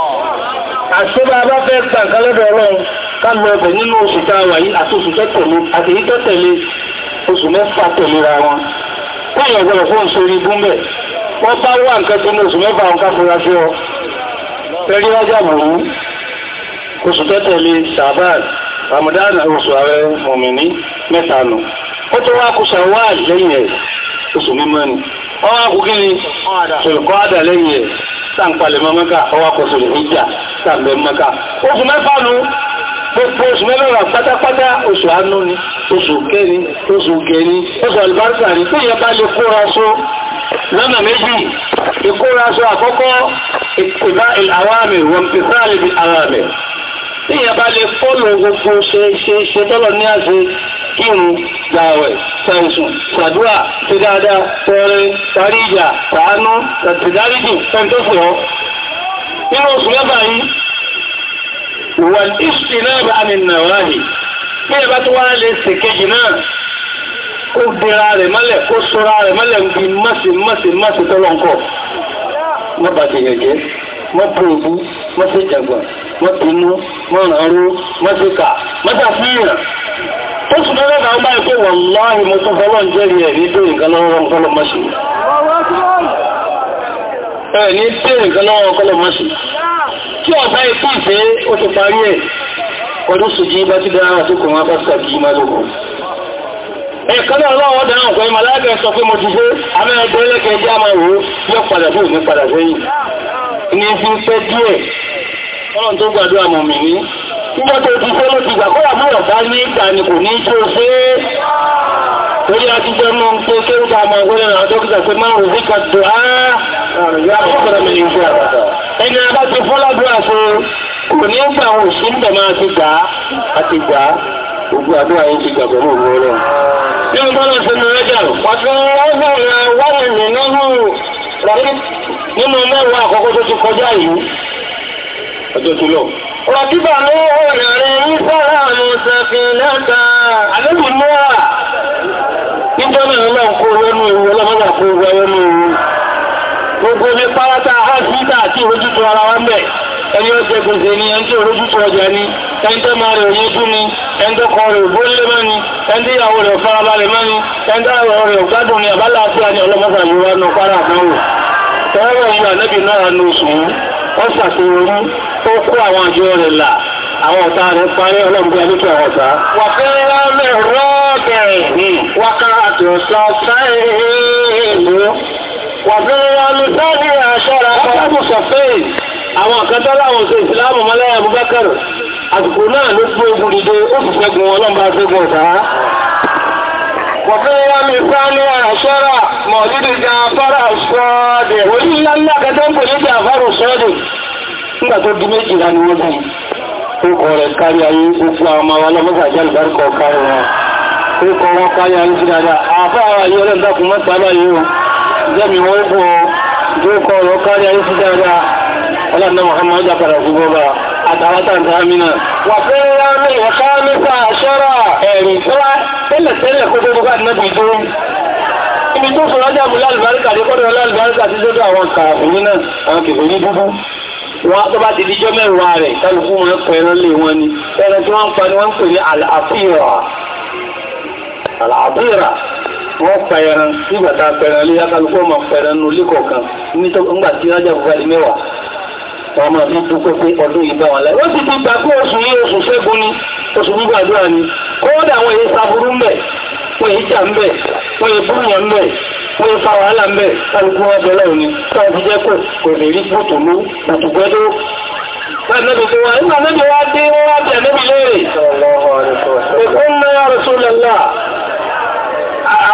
[SPEAKER 1] àṣíbà bá fẹ́ gbà nǹkan lọ́dọ̀ ọlọ́run ká lọ ọbẹ̀ nínú oṣù táwà yìí àti oṣù tẹ́tẹ̀lé àti èyí tẹ́tẹ̀lé oṣù mẹ́fà tẹ̀léra wọn wọ́n ọ̀gbọ̀rọ̀ fún ìṣòrí gúnbẹ̀ wọ́n bá wà nǹkan tó ní oṣù mẹ́fà àwọn káfíra sí ọ pẹ̀lú wájà bùrú oṣù tẹ́tẹ̀lé sàbáà ramadan oṣù ààrẹ mọ̀mìnì mẹ́ta nù ó tó wá kó sàwáà lẹ́yìn ẹ̀ oṣù mímọ́ ni ọwọ́ akùnkí ni ṣùkọ́ àdàlẹ́yìn ẹ̀ sàǹpalẹ̀mọ́ mẹ́ka ọwọ́ akọ̀sọ̀rọ̀ ìjà sàǹbẹ̀ mẹ́ka oṣù mẹ́fà nù gbogbo oṣù mẹ́lọ́wà pátápátá oṣù àánú ni oṣù kẹni oṣù kẹni oṣù àlùbáríkà ní tí ìyẹn bá lè kóra só lọ́nà méjì ìkóra só àkọ́kọ́ ìpìlá àwámẹ̀ wọ̀n pìlá àlèbí tí èèyàn bá lè fọ́lọ̀ gbogbo ṣe ṣe ṣe tọ́lọ̀ ní àṣẹ kírun gbààwẹ̀ ṣàìsùn ṣàdúrà ṣe dáadáa tọrẹ parí ìjà tàánú tàdáríjì fẹ́ni tó fò ọ́ nínú oṣù mẹ́fà yìí wà ìṣì náà bá ní nàrá yìí bí ẹ bá tó wá lè ṣèkejì náà kó gbéra rẹ̀ mọ́lẹ̀ kó sọ́ra rẹ̀ mọ́lẹ̀ ń bi mọ́sí mọ́sí mọ́sí tọ́lọ̀ ń kọ̀ wọ́n bàtẹ̀yẹ̀ jẹ́ wọ́n tó òbú wọ́n tó jẹ̀gbọ̀n wọ́n tó inú wọ́n rán ró wọ́n tó kà wọ́n tó fún ìrìn ó sì lọ́rọ̀ náà báyìí pé wọ́n láàrin mo tó fọ́lọ́ ń jẹ́rìí ẹ̀ ní tóyìn kan lọ́wọ́ ọkọlọ mọ́sí ẹ̀ ní tóyìn kan lọ́wọ́ ọkọlọ mọ́sí tí ọ̀tá ikú ìfẹ́ ó ti parí ẹ̀ ọdún sùjí bá ti dára tó kò máa bá sàkí máa lókùn ẹ̀kọ́lẹ̀ ọlọ́wọ́ dáhùn pé màláàbẹ̀ sọ pé mo ti fẹ́ amẹ́rẹ́gbẹ́lẹ́kẹ́ jẹ́ àmà ìwò yóò padà fún ìmú padà sẹ́yìn ní fi pẹ́ díẹ̀ ọlọ́run tó gbàdúrà mọ̀ mí ní nígbà tó ti fẹ́ ló ti gbà kọ́wà mọ́ ọ̀gá ní ìgbà ni kò ní tó ṣe é torí a ti jẹ́ mọ́ ń pé kéré ká máa gbọ́dọ̀ náà dókítà pé máa rò síkà tó á ẹni a bá ti fọ́ládùá ṣe kò ní gbà wọn sí ń bẹ̀ máa ti gbà á ti gbà á gbogbo àdúrà yìí ti gbàgbọ́ mọ́ òun ọlọ́run. bí wọ́n bá lọ sínú rẹ́jà wọ́n ti wọ́n bẹ̀rẹ̀ wọ́n nínú mẹ́wàá àkọ́kọ́ tó ti kọjá yìí ọjọ́ tó lọ. Rọ̀bíbà ló rẹ̀ rẹ̀ ní sára àwọn ṣẹ̀fìn lẹ́ta. Àlébù náà, ìjọ náà náà kó wọnú ewu ọlọ́mọdà kó wọnú ewu. Gbogbo ní párátá hospital àti ìrójútu ara wa mẹ́. Ẹni ọjọ́ gbèsè ni ẹni tí ìrójútu ọjà ni, ẹni tó máa rẹ̀ yẹjú ni, ẹni tó kọ rẹ̀ bólé mọ́ ni, ẹni tí ìyàwó rẹ̀ farabalẹ̀ mọ́ ẹni tó rẹ̀ gbádùn ni ni ọlọ́mọdà tẹ́rẹ̀ ìlú ànẹ́bì náà ní oṣù wọ́n ṣàṣeyọrí ó kó àwọn àjọ rẹ̀ là àwọn ọ̀tá rẹ̀ parí ọlọ́mọdé alẹ́kẹ́ àwọn ọ̀tá. wà fẹ́ lámẹ̀ rọ́ọ̀bẹ̀ wákà àtọ̀sọ sáyẹ̀ẹ́lú wà fẹ́ lámẹ̀ sáyẹ̀ àṣọ́ra kọ́kọ́ àwọn àkàtà láwọn ṣe ìsìláàmù mọ́lẹ́ Abubakar àsìkò náà ló fún ogun dìde ó sì fẹ́gun ọlọ́mọdé àfẹ́gun ọ̀tá وفي يوم الثاني عشر مولد جعفر الصادق ولله الله كتبه لجعفر الصادق nígbà tó bí méjìlá ni wọ́n dáyìn ókọ̀ rẹ̀ kárí ayé ó fún àwọn ọmọ ọlọ́mọ́sà jẹ́ àlùbáríkọ̀ kárí wọn ókọ̀ wọn kárí ayé sí dáadáa àfáàwà yìí ọlọ́dàkùn mọ́ta báyìí ó jẹ́mi wọ́n fún ọ jókọ̀ rọ̀ kárí ayé sí dáadáa ọlọ́dà Muhammadu ẹ̀rì ìfẹ́wá tẹ́lẹ̀ tẹ́lẹ̀ kó tó nípa àdínábì tó ń ibi tó fún ọjà mú lálùbáríkà ní kọ́dọ̀ lálùbáríkà tí lójú àwọn kààkùnrin náà àwọn kèfèé ní búbú wọ́n tó bá ti díjọ́ mẹ́wàá rẹ̀ kálukú wọn pẹ̀ ẹran lé wọn ni ẹran tí wọ́n ń pa ni wọ́n ń pè ní àlàáfíìrà àlàáfíìrà wọ́n pa ẹran nígbà tá a pẹran lé kálukú wọn pa ẹran nù lé kọ̀ọ̀kan nígbà tí ọjà bùbá di mẹ́wàá wọ́n máa fi dúpẹ́ pé ọdún yìí bá wọn láì wọ́n ti ti gbà pé oṣù yìí oṣù ṣẹ́gun oṣù gbígbàdúrà ni kódà wọ́n èyí sàbúrú ń bẹ̀ wọ́n èyí jà ń wọ́n èyí búrùyàn ń wọ́n èyí fa wàhálà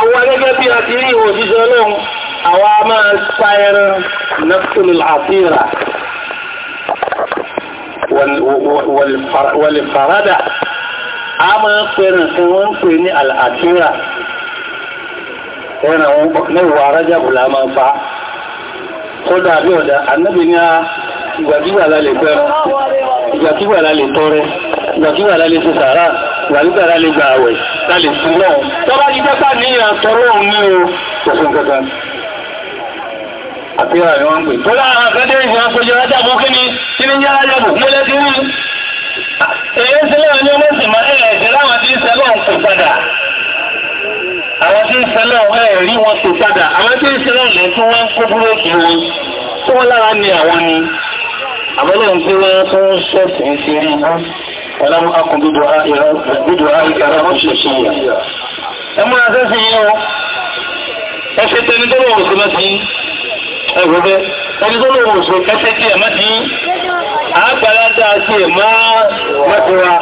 [SPEAKER 1] Àwọn gẹ́gẹ́ bí a ti rí òjíṣẹ́ Ọlọ́run, àwa máa ń pa wàlìfàrádà a máa pẹ̀rẹ̀ sí wọ́n ń pè ní al'akira ẹ̀rọ mẹ́wàá rájàbùlá máa fa kódà bí ọ̀dá annabi ní a ìgbàkígbà lálẹ́ pẹ̀rẹ̀ ìgbàkígbà lálẹ́ tọrẹ sàárà ìgbàkígbà lálẹ́ gbà àwẹ̀ lálẹ́ sí náà tọ́bá àfíra ni wọ́n ń pè tó láàrín akẹ́dẹ́ ìwọ̀n àpéjọ rájàbù kí ni kí ni yára rájàbù mọ́lẹ́ tí wọ́n èyí ń sílẹ̀ ní ọmọ ìsìn máa ẹ̀ ẹ̀jẹ̀ láwọn tí ń sẹ́lọ̀ ń pè padà àwọn tí ń sẹ́lọ̀ ẹ̀ rí wọn pè padà àwọn tí ń sẹ́lọ̀ lẹ́ tí wọ́n ń kó búrẹ́kì wọn tí wọ́n lára ni àwọn ni àbọ́lẹ̀ ń gbé wọn tó ń ṣẹ̀sì ń ti rí ọlọ́mú akùn bíbọ̀ àìkàrà rọ́ṣẹ̀ ṣe yà ẹ múra sẹ́sì yìí ọ ẹ ṣe tẹni tó lọ́wọ́ sí ẹ̀rọ bẹ́ ẹni tó lóòrò òṣò kẹsẹ́ tí ẹ̀mọ́ ti àgbàládá sí ẹ̀mọ́ mẹ́kúra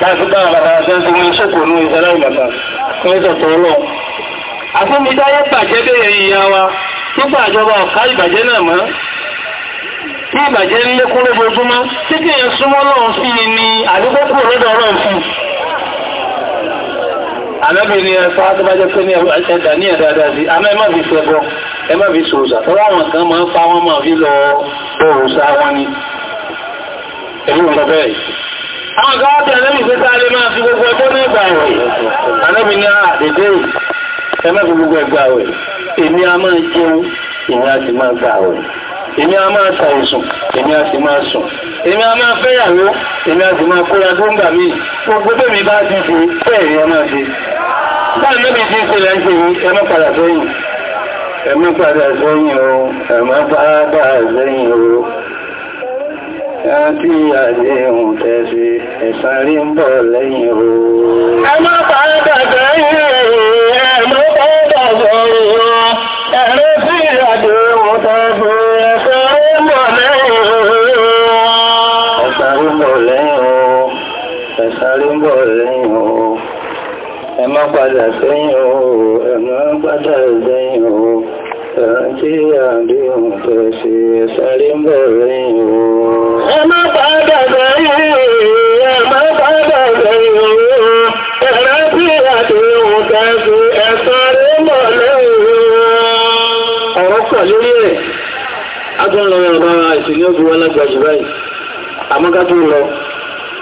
[SPEAKER 1] láti bá àbàbà àjẹ́sí wọn ṣòkò ní ìṣẹ́lá ìmọ̀ta fún ìtọ̀tọ̀ ọlọ́ àfúnmidáyé bàjẹ́ bẹ̀rẹ̀ ìyá wa tí gbàjọba ọ̀ká ìbàjẹ́ náà mọ́ tí ìbàjẹ́ ń lékún lójoojúmọ́ tí kí èyàn súnmọ́ lọ́run sí ni ni àdúgbòkú lọ́dọ̀ ọlọ́run fún àmẹ́bìnrin ẹ̀fà tó bá jẹ́ pé ní ẹ̀dà ní ẹ̀dà dáadáa sí amẹ́mọ́ fi fẹ́ bọ́ ẹ má fi sòòsà tó ráwọn kan máa ń fa wọn máa fi lọ òòsà wọn ni èyí ò lọ bẹ́ẹ̀ àwọn kan wọ́n tẹ̀lé mi pẹ́ta lè máa fi gbogbo ẹgbẹ́ ní ìgbà rẹ̀ àlẹ́mi ní àdédé ẹ má fi gbogbo ẹgbà rẹ̀ èmi a máa jẹun èmi a sì máa gbà rẹ̀ èmi a máa ṣàìsùn èmi a sì máa sùn èmi a máa fẹ́yàwó èmi a sì máa kóra tó ń gbà mí gbogbo bẹ́mi bá ti fi bẹ́ẹ̀ ni ẹ máa fi báyìí mẹ́bí ti ń ṣe lẹ́ńṣe ẹmọ́ padà sẹ́yìn ẹ̀mí padà sẹ́yìn o ẹ̀mọ́ pàápà sẹ́yìn o rántí àjẹ́ ohun tẹ́sí ẹ̀san rí ń bọ̀ lẹ́yìn o ẹ̀mọ́ pàápà sẹ́yìn ẹ̀mọ́ pàápà sẹ́yìn o ẹ̀rẹ́ sí àjẹ́ ohun tẹ́sí
[SPEAKER 2] ẹ̀san rí bọ̀
[SPEAKER 1] lẹ́yìn o ẹ̀san rí ń o ẹ̀mọ́ padà sẹ́yìn o ẹ̀mọ́ padà sẹ́yìn o àti àdéhùn tó ṣe sáré ń bọ̀ rìn o. Ẹ má padà sẹ́yìn, ẹ má padà sẹ́yìn o. Ẹ̀rẹ́ sí àdéhùn tó ṣe ẹ̀sáré ń bọ̀ lẹ́yìn o. Ọ̀rọ̀ pọ̀ lórí ẹ̀. A tún lọ ọ̀rọ̀ ìṣẹ̀lẹ̀ tó lọ,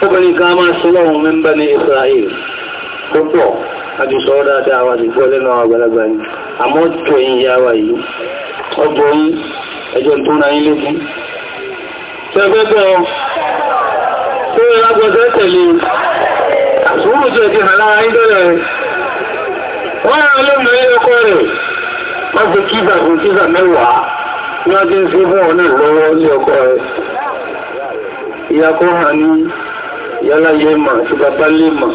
[SPEAKER 1] obìnrin kan máa sílọ̀ ọ̀hún mẹ́mbà ní Israel. Ó àti sọ́ọ́ dáadáa àwọn àti gbọ́ lẹ́nu àgbàlagbà ni àmọ́ tó yìn ya wà yìí ọgbọ̀ yìí ẹjọ́ tó ra yín lójú tẹ́gbẹ́gbẹ́ ọ tó yẹ lágbọ́sẹ́ tẹ̀lé àsúrù tó ti hàn lára ìdọ́rẹ̀ wọ́n yà lóòmù ilé ọkọ rẹ̀ wọ́n fi kíza fún kíza mẹ́wàá ní wọ́n ti ń fi fún ọ̀nà lọ́wọ́ sí bàbá lé mà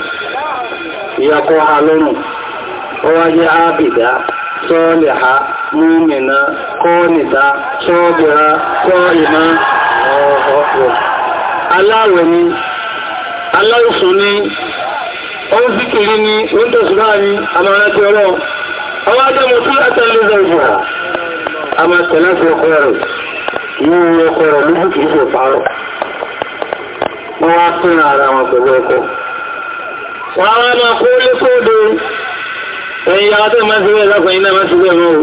[SPEAKER 1] ìyàkọ́ ha lọ́nà ó wá jẹ́ ábìdá sọ́ọ̀lẹ̀ha múmìnà kọ́ọ̀nìta sọ́ọ̀bìra kọ́ọ̀ìmá ọ̀ọ̀ọ̀ aláwẹ̀ ni aláìsùn ni ó ń síkiri ni ó ń tẹ̀sùn a tí Àwọn máa kó lé kóòdó. Ẹ̀yà ọdún máa ti rẹ̀ lọ́kùn iná máa ti rẹ̀ mọ́ o.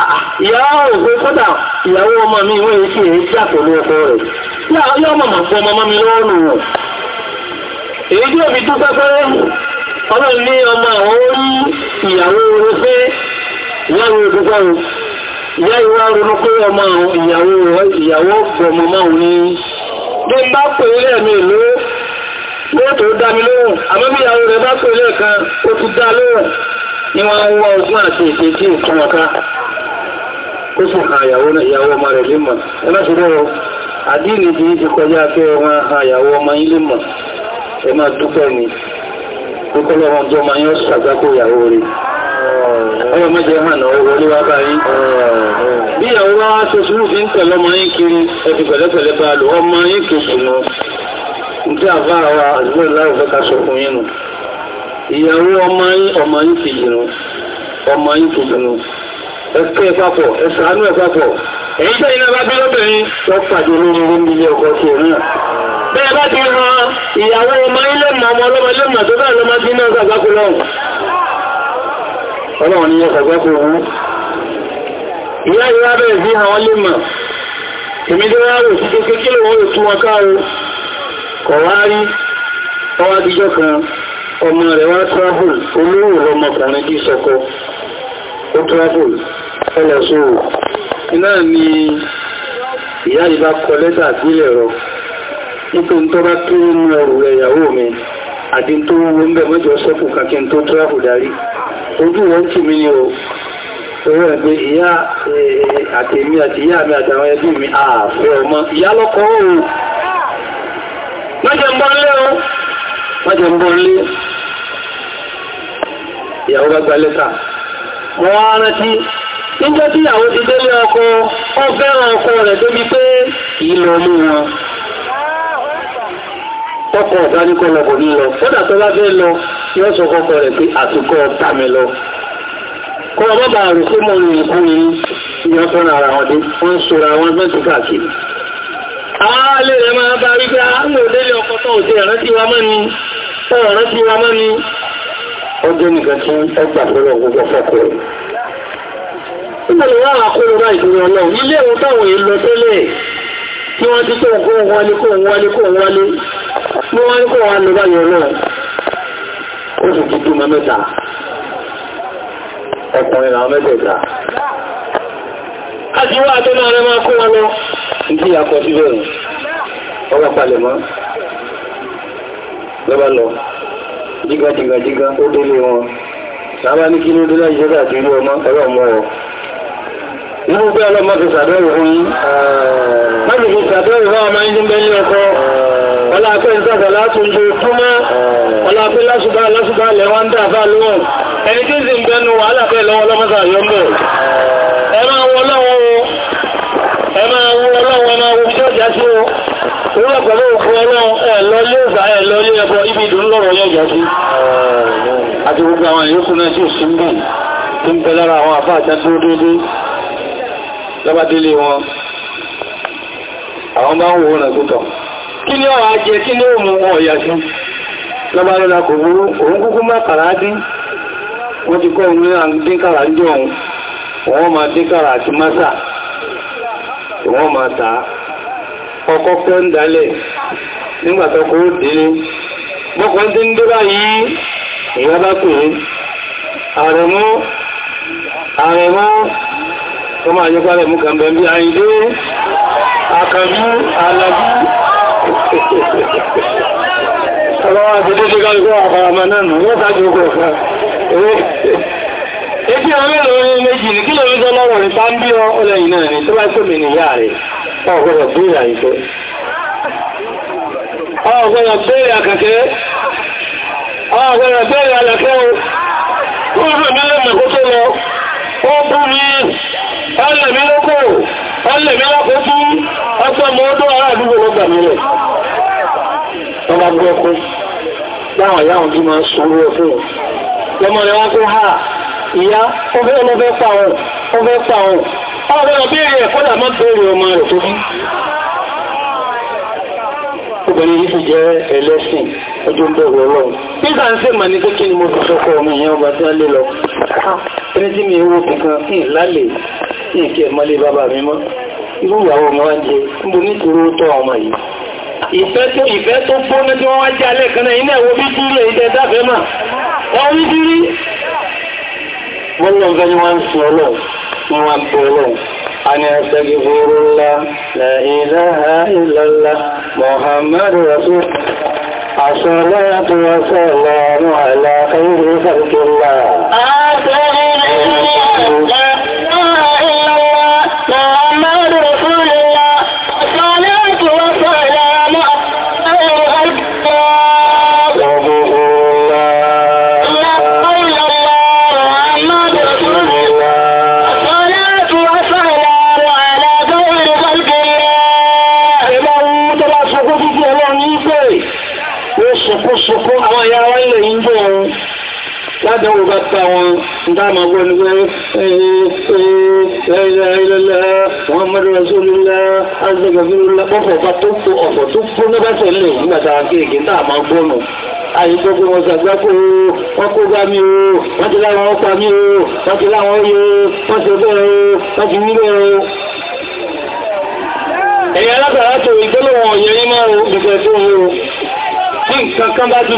[SPEAKER 1] Ah, ìyàwó òfin kódà ìyàwó ọmọ mi wọ́n yìí sì èyí jà pẹ̀lú ọkọ rẹ̀. Yọ ọmọ màá fún ọmọ mi lọ́wọ́ nù wọ̀. Èyí tí òbí tó pẹ́pẹ́rẹ́, ọmọ ní ọmọ àwọn orí ìyàwó orin fẹ́ ìyàwó òdúgbò ìyá ìwà ronú pé ọmọ ìyàwó ìyàwó ọmọ wọ́n tó dá mi lóhùn àmọ́ bí ìyàwó rẹ̀ bá pè lẹ́ẹ̀kan ó ti dá lóhùn ni wọ́n ń wá ogún àti ètè tí ò sì ìyàwó náà ìyàwó ọmọ rẹ̀ mọ̀ ẹ má ṣe àdínì tí ti kọjá pé wọ́n ìyàwó ọmọ yín lè mọ̀ ẹ má dúpẹ́ ni ṣàgbákò ìyàwó rẹ̀ mẹ́jẹ hàn náà yín bí ìyàwó wá ṣe sùúrù fi ń tẹ̀lọ́mọ yín ìdí àbá àwà àdúgbò láìfẹ́ ká sọ fún yínú ìyàwó ọmọ yín ọmọ yín ti jìnú ọmọ yín ti jìnú ẹ̀kẹ́ ìpapọ̀ ẹ̀sàánú ìpapọ̀ ìyá ìyá bẹ̀rẹ̀ sí àwọn lẹ́mọ̀ èmi tó kékeré wọn rò tún wọn káàró kọ̀wárí ọwá díjọ́ kan ọmọ rẹ̀ wá travel olóòrò lọmọkùnrin tí sọkọ ó travel ẹlọ́sọ́rọ̀ iná ni ìyá ìbá kọ lẹ́tà sílẹ̀ rọ nípa tó bá tó mú ọrù rẹ̀ ìyàwó mi àti tó wọ́n bẹ̀ mọ́jọ sọ́kù kàkí tó travel darí ojú wọn tì mí ni o owó ẹgbẹ́ ìyá àtèmi àti ìyá mi àtàwọn ẹbí mi ààfẹ́ ọmọ ìyá lọ́kọ́ mọ́jọ ń bọ́ lé o mọ́jọ ń bọ́ lé ìyàwó bá gba lẹ́tà mọ́ wá rántí níjọ́ tí ìyàwó ti délé ọkọ ọ fẹ́ràn ọkọ rẹ̀ débi pé kì í lọ mú wọn tọkọ ọ̀gá ní kọ́ lọkọ̀ ní lọ fọ́dà tó bá fẹ́ lọ yóò sọ kọ́kọ́ rẹ̀ pé àtúkọ́ ọ̀tá mi lọ kọ́ ọ bá bàa rò pé mo rìn ìkú yìí ìyàn ara wọn dé wọ́n ń sọra wọn mẹ́tò aráalé rẹ̀ máa bá wípé àwọn ah, òdélé ọkọ̀ tó òjò ìrántí wa mọ́ ni ọ̀rọ̀ rántí wa mọ́ ni ó jẹ́ nìkan tí ó gbà fẹ́lẹ̀ gbogbo fọ́kọ̀ rẹ̀ Ìgbàlẹ̀ wà kúrò bá ìdúró ọlọ́run, ilé ìwọ̀n táwọn èèyàn lọ tẹ́lẹ̀ tí wọ́n ti kó nǹkan wọlé kó wọlé àtọ́nà rẹ máa kó wọn lọ, ní tí ọwọ́ palẹ̀ mọ́ lọ́bá lọ jíga jíga jíga ó délé wọn sábà ní kí ní délé ìṣẹ́gbà àti ilé ọmọ ẹ̀rọ mọ́ ọ inú bẹ́ẹ̀ lọ́mọ fi sàdọ́rù fún yín láti ah. fi sàdọ́rù fún ọmọ yín bẹ́ẹ̀ ní ọkọ ah. ọlá pé ń sàtà látúnjú túmọ́ ah. ọlá pé lásùbá lásùbá lẹ́wọ́n dà fà lóhùn ẹni tí sì ń bẹnu wàhálà bẹ́ẹ̀ lọ́wọ́ lọ́mọ́sà yọ́ mọ́ ẹ máa wọ ọlọ́wọ́ ẹ máa wọ ọlọ́wọ́ ẹ máa wọ ọjọ́ ìjásí o Ìwọ́n pẹ̀lú òkú ọlọ́run ẹ̀lọ ilé ìgbà ẹ̀lọ ilé ẹbọ ibi ìdùn lọ́rọ̀ yẹ́ ìjà sí. Àti gbogbo àwọn ìyókù náà tí ò sí ń bì tí ń pẹ lára àwọn àfáà àjá dúró dédé lọ́bádélé wọn. Àwọn bá ń wo ọ̀nà tó tọ̀. Kí ni ọ̀rọ̀ ajẹ kí ni ó mú wọn ọ̀yà sí? Lọ́bádélé kò burú, òun kúkú má kàrá dín. Wọ́n ti kọ́ òun ní àdínkàrà ń jọ òun. Wọ́n máa dínkàrà àti másà. Wọ́n máa tàá ọkọ̀ kọ́ ń dálẹ̀ nígbàtọ́kọ́ ó délé bọ́kọ̀ tí ń dé báyìí ìyá bá pè é àrẹ̀mọ́ àrẹ̀mọ́ tó máa yẹ pàrẹ̀ mú kàn bẹ̀mí àìdé àkànjú alábí ọlọ́wọ́ àti tó ṣe káàkiri àfàramà náà nù yóò sáájú ọkọ̀ ọ̀fà ẹgbẹ́ ọmọ ìlú méjì ní kí lórí sọ́lọ́wọ̀ ní sáńbí ọ ọlẹ́yìn náà ní tó bá tó mi nìyà rẹ̀ ọ̀gbọ́dọ̀ bóyá ìfẹ́ ọ̀gbọ́dọ̀ bóyá kàkẹ́ ọ̀gbọ́dọ̀ bóyá lẹ́kẹ́ o ó rẹ̀ mílẹ̀ mẹ́kó tó lọ ó bú ní ọlẹ̀mí lókò ọlẹ̀mí lọ́kọ́ bú ọjọ́ mọ́ ọdún ará àdúgbò lọ́gbà mílẹ̀ ọba gbẹ́kú láwọn yáwọn tí máa ń sọ̀rọ̀ fún ọmọ rẹ̀ wọ́n fẹ́ ha ìyá ó fẹ́ lọ fẹ́ pa ọ̀ ọ̀rọ̀ béèrè ẹ̀ fọ́dà mọ́ béèrè ọmọ rẹ̀ tó bí obìnrin yìí ti jẹ́ ẹlẹ́sìn ọjọ́ bẹ̀rù ọlọ́run nígbà ń sèmà ní kékeré ni mo fi sọ fọ́ ọmọ ìyẹn ọba tí wọ́n lé lọ ẹni tí mi wo kankan ń lálẹ́ ń kí ẹ̀ má lé bàbá mi mọ́ irú ìyàwó ọmọ wa jẹ ń bo nítorí tọ́ ọmọ yìí ìfẹ́ tó ìfẹ́ tó gbóná tí wọ́n wá jẹ́ alẹ́ kan náà iná ẹ̀wọ́ bí dúró ìdẹ dáfẹ́ mà wọ́n rí dírí wọ́n lọ́n fẹ́ ni wọ́n ń sin ọlọ́run موكلون أن يستغفر الله لا إله إلا الله محمد رسول الله الصلاة والسلام على خير خلق الله دام أقول ni, إله إلا الله محمد رسول الله عز وجل الله ọ̀fọ̀ bá tó fò ọ̀fọ̀ tó fò ní bẹ́sẹ̀ lè nígbàtà kéèké náà máa gbónù àyè gbogbo wọn sàgbá pé wọ́n kó bá mi o wọ́n ti láwọn ọpa mi o wọ́n ti láwọn oyè wọ́n ti bẹ́ẹ̀ o wọ́n ti nílẹ̀ o ẹ̀yà látara tó ìgbélòwọ̀n ọ̀yẹ́ yín máa ro ìfẹ́ tó o tí nǹkan bá ti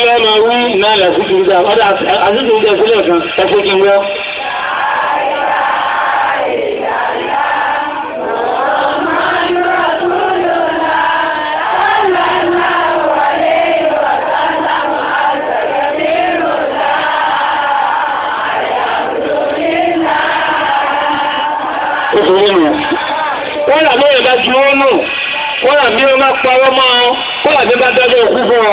[SPEAKER 1] ilẹ̀ ma wí náà làzíkìrìdà ọdá àzíkìrìdà sílẹ̀ kan ẹgbẹ́ kí wọ́ Wọ́n làbí ọ̀rẹ́ bá ti wọ́n nù, wọ́n làbí ọmọ pa ọmọ, wọ́n làbí bá dájọ́ òkú fún ọ.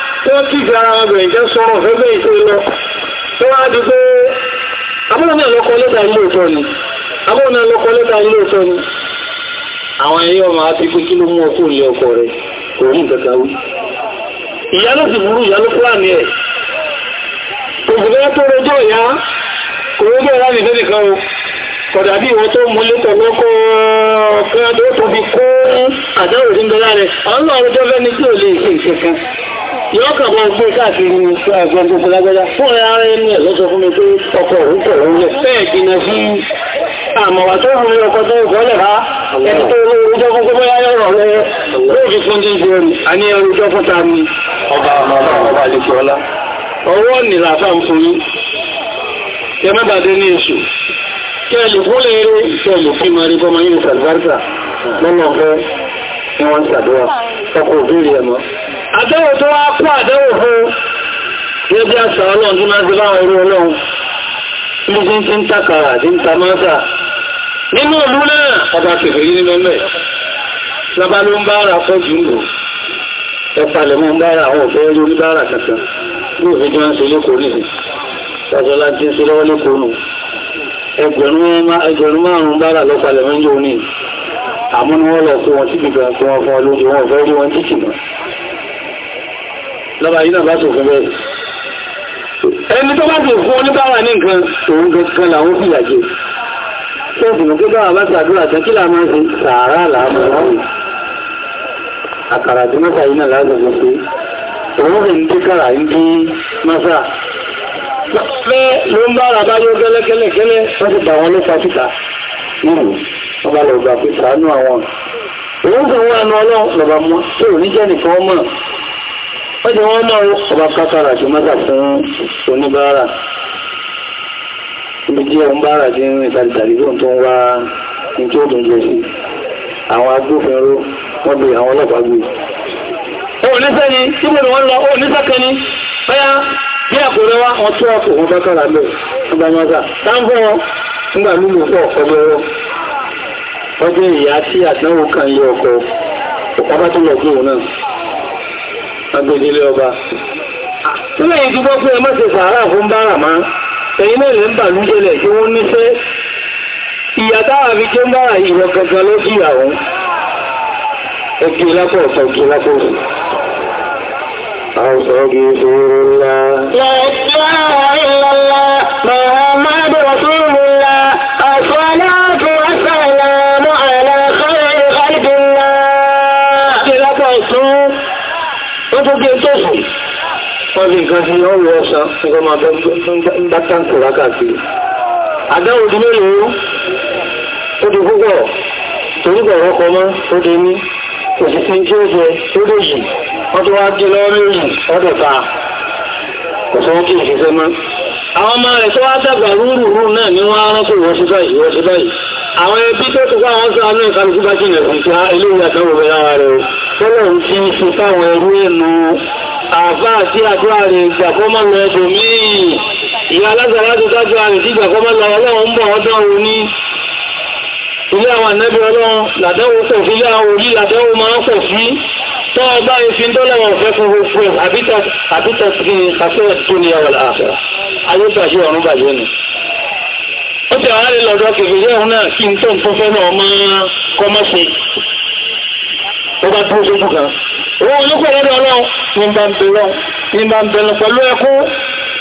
[SPEAKER 1] tí wọ́n kíkì ara wọn bẹ̀rẹ̀ jẹ́ sọ̀rọ̀ fẹ́fẹ́ ìpè lọ tó wá di pé abúlé náà lọ́kọ́ lẹ́ta ilé ìtọ́ ni abúlé náà lọ́kọ́ lẹ́ta ilé ìtọ́ ni àwọn ẹ̀yọ́ máa ti pé kí ló mú ọkọ̀ ilé ọkọ̀ rẹ̀ kò rí nǹkan wí ìyá ló sì burú ìyá ló fúlàní ẹ̀ òbúlé tó rọjọ́ ìyá kò rí bẹ́ẹ̀ láti fẹ́ nìkan o kọ̀dà bí ìwọ́n tó mú létọ̀ lọ́kọ́ ọ̀kan tó fi kó àdáwò sí ń bẹ láàrẹ̀ àwọn ọ̀rọ̀jọ́ fẹ́ ní tí ò lè ṣe ìṣẹ̀kan yóò kàbọ̀ gbé káàkiri ní ìṣọ́ ẹ̀gbọ́n gbogbo lágbẹ́dá fún ẹ̀rẹ́ ẹni ẹ̀ lọ́sọ fún mi pé ọkọ̀ òwúkọ̀ òwúlẹ̀ fẹ́ẹ̀ jìnà sí àmọ̀wà tó rùn lórí ọkọ̀ tó ìgbọ́lẹ̀ bá ẹni tó olóòrùn ọjọ́ fún gbogbo yáyọ̀ rọ̀ lẹ́ lóòfin fún jíjẹ orí àní ẹrù ọjọ́ fún ta ni ọba ọba àlejò ọlá ọwọ́ ni làfà ń fún yín kẹ má bàdé ní èṣù kẹ lè fún lè rí kẹ lè fi máa rí bọ́mọ yín sàlùbárìsà lọ́nà ọ̀fẹ́ ni wọ́n ń ṣàdúrà ọkọ̀ òbírí ẹ̀mọ́. àdẹ́wò tó wá kú àdẹ́wò fún yóò bí àṣà ọlọ́run tó máa ń bá ọrú ọlọ́run ní ṣe ń ti ń takàrà àti ń ta mọ́sà nínú òlú náà ọba kẹfẹ́ yìí nínú ẹ̀mẹ́ lọ́ba ló ń bára fọ́ jù ń lò ẹ̀pàlẹ̀ mọ́ ń bára àwọn òfẹ́ rí oníbára kankan ní òfin tí wọ́n ń ṣe lẹ́kọ̀ọ́ nìyí tọ́jọ́ láti ń ṣe lọ́wọ́ lẹ́kọ̀ọ́ nù ẹgbẹ̀rún márùn-ún bára lọ́pàlẹ̀ mọ́ ń jò nìyí àmú ni wọ́n lọ kó wọn títí gan kó wọn fún olóògbé wọn fẹ́ rí wọn títì mọ́ lọ́ba yìí náà bá sòfin bẹ́ẹ̀ ẹni tó bá sì fún oníbáwà ní nǹkan òun gangan làwọn fìyà jẹ tó fìmọ̀ pé báwà bá sàdúrà tán kí làmọ́ sí sàárà làmọ́ àkàrà tí mọ́ta yìí náà lágbàgbọ́ pé òun rẹ̀ ń dékàrà ń dí mọ́sà pé ló ń bára bá yóò gẹ́lẹ́gẹ́lẹ́gẹ́lẹ́ wọ́n ti bà wọn ló ọba lọ gbà pé sàánú àwọn òun kò wọ́n àánú ọlọ́run lọ́ba mọ́ tí ò ní jẹ́ nìkan mọ̀ wọ́n ti wọ́n mọ̀ ọba kákàrà sí mọ́tà fún oníbàárà ibi tí ọ̀n bára ti ń rìn tàbí tó ń tó ń wá ní tí ó dùn jẹ sí àwọn agbófinró wọ́n bèèrè àwọn ọlọ́pàá gbé ó níṣẹ́ ni tí mo wọ́n lọ ó níṣẹ́ kan ní bẹ́yà bí àkùrẹ́ wá wọ́n tó ọkọ̀ wọn lọ nígbà mọ́ta táǹfọ́ wọn nígbà mímú pọ̀ ọgbẹ̀rọ wọ́n jẹ́ ìyá tí àtìnáwò kan lé ọkọ ọ̀pá bá tó lọ gbé òun náà agbèdélé ọba nílẹ̀ yìí dúpọ́ pé ẹmọ́ ti sàárà fún bára máa ẹ̀yìn náà lè ń bà ní jẹ́lẹ̀ tí wọ́n níṣẹ́ ìyà táwà fi jẹ́ bára ìwọ̀ kankan ló bí àwọn ẹgbẹ́ lápọ̀ ọ̀sán kí lápọ̀ òsì àwọn sọ́ọ́gì ìṣòro ńlá wọ́n bí ọrụ ọsọ ọwọ́ ọ̀sán nǹkan máa bátàǹkù rákàkiri àdáwò àwọn ọmọ rẹ̀ tó wá náà wọ́n sí báyìí wọ́n sí báyìí àwọn ẹbí tó tó sọ bá jìnà sí ah, eléyìí àtàwọn ọmọ tọ́lọ̀ ń fi àfá àti àdúrà rẹ̀ ìgbà kọ́ máa lọ ẹ̀dùn míì ìyá alágbàlá tó dájú rẹ̀ sígbà kọ́ máa lọ ọlọ́run ń bọ̀ ọdọ́ òun ní ilé àwọn ànẹ́bí ọlọ́run làdẹ́wò pọ̀ fún ilé àwọn orí làdẹ́wò máa ń pọ̀ fún tọ́ ọba ìfin dọ́lọ́wọ̀ fẹ́ fún fún àbítọ̀ sí kàfẹ́ tó ní ọ̀rọ̀ àfẹ́ ayé bàjẹ́ ọ̀run bàjẹ́ ni ó tẹ̀ wá lè lọ́dọ̀ kèfèrè ọ̀hún náà kí n tó ń tó fẹ́ náà máa owó olókò lọ́dọ̀ ọlọ́run ní bá ń bẹ̀rọ ní bá ń bẹ̀rọ pẹ̀lú ẹkún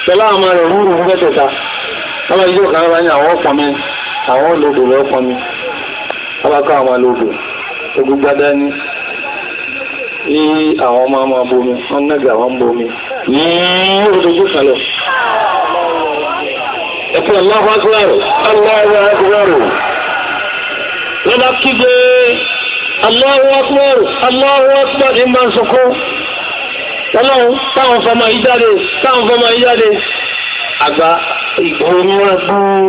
[SPEAKER 1] pẹ̀lú àwọn rẹ̀ rúrù fún mẹ́tẹ̀ta ọmọ ìjọ kan rárá ní àwọn ọ̀pọ̀ mi àwọn olóògbò rẹ̀ ọ̀pọ̀ mi ọlọ́kọ̀ àwọn olóògbò ogun gbádá ní ní àwọn ọmọ ọmọ bomi wọn nága wọn bomi ní òdòdó kan lọ ẹ̀kọ́ aláwọ̀ akúrò aláwọ̀ akúrò lọ́dọ̀ kígbe Allahu Akbar Allahu Akbar ní máa ń sọkọ́ ọlọ́run táwọn fọmọ ìjáde táwọn fọmọ ìjáde àgbà ìgbòrò wọn gbọ́n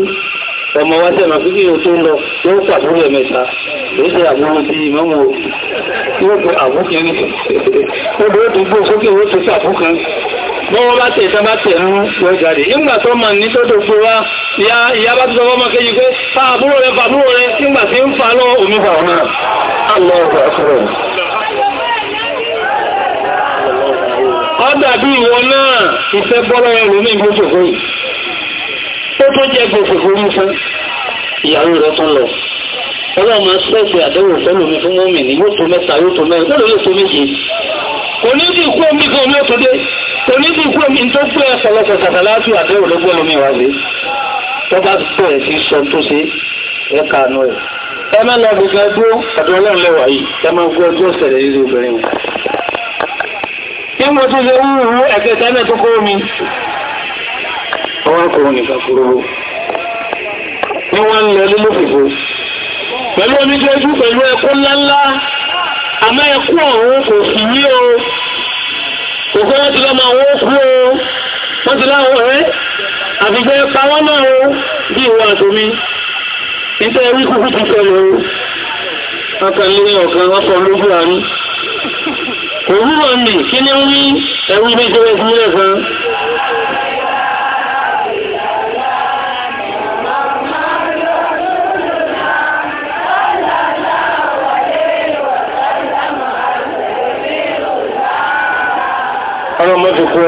[SPEAKER 1] ọmọ wá tẹ́mà pípé yóò tó lọ yóò pàbúrú ẹ̀mẹ́ta ló ṣe àbúrú ti mọ́mọ̀ yóò pẹ àbúkẹ́ ní ọdún ó dùgbò sókè ó ti sàbúkẹ́ wọ́n bá tẹ̀ ìtàn bá tẹ̀ ń wọ́n jáde nígbà tó ma ní tó tó gbé wá ìyá bá tó sọ fọ́mọ kéjì pé fa àbúrò rẹ fa àbúrò rẹ nígbà tí ń fa lọ omi fa ọ̀nà ọ̀dà bí ìwọ náà ìfẹ́ bọ́lọ́ ẹrù ní ìgbófòfò yìí ó tó jẹ́ gbòfòfò mú fún ìyàwó rẹ tó lọ ọlọ́mọ sẹ́ẹ̀sì àdẹ́wò fẹ́lómi fún mọ́mì ní yóò tó mẹ́ta yóò tó mẹ́rin tó lè tó méje kò ní sí kú omi fún omi tó dé onídìkú omi tó pé ẹ̀sọ̀lọ́sọ̀ sàtàlátù àti òlógbó lómi wà sí tó bá pẹ̀ sí sọ tó ṣe ẹ̀ka àánú ẹ̀ ẹ má lọ gbogbo ẹgbó ọ̀dọ̀ ọlọ́run lẹ́wà yìí ẹ má gbọ́ ẹgbó ọ̀sẹ̀rẹ̀ yìí obìnrin kí mo tún ṣe wúwú ẹ̀kẹ́ tẹ́lẹ̀ tó kó omi ọwọ́ kòrò nìkan kúrò ní wọ́n lọ ní lófìfò pẹ̀lú omi tó ojú pẹ̀lú ẹkú ńláńlá àmọ́ ẹkú ọ̀hún kò sì yí o òkú wọn ti lọ́mọ àwọn òkú o wọ́n ti láwọn ẹ́ àfijẹ́ pa wọ́n náà o bí ìwọ àtòmí iṣẹ́ rí kúkú ti fẹ́lẹ̀ o akànlẹ́ ọ̀kan wọ́n fọ́ lójú àárín òwúrọ̀ nì kí ni ó ní ẹ̀rú méjì rẹ̀ sílẹ̀ kan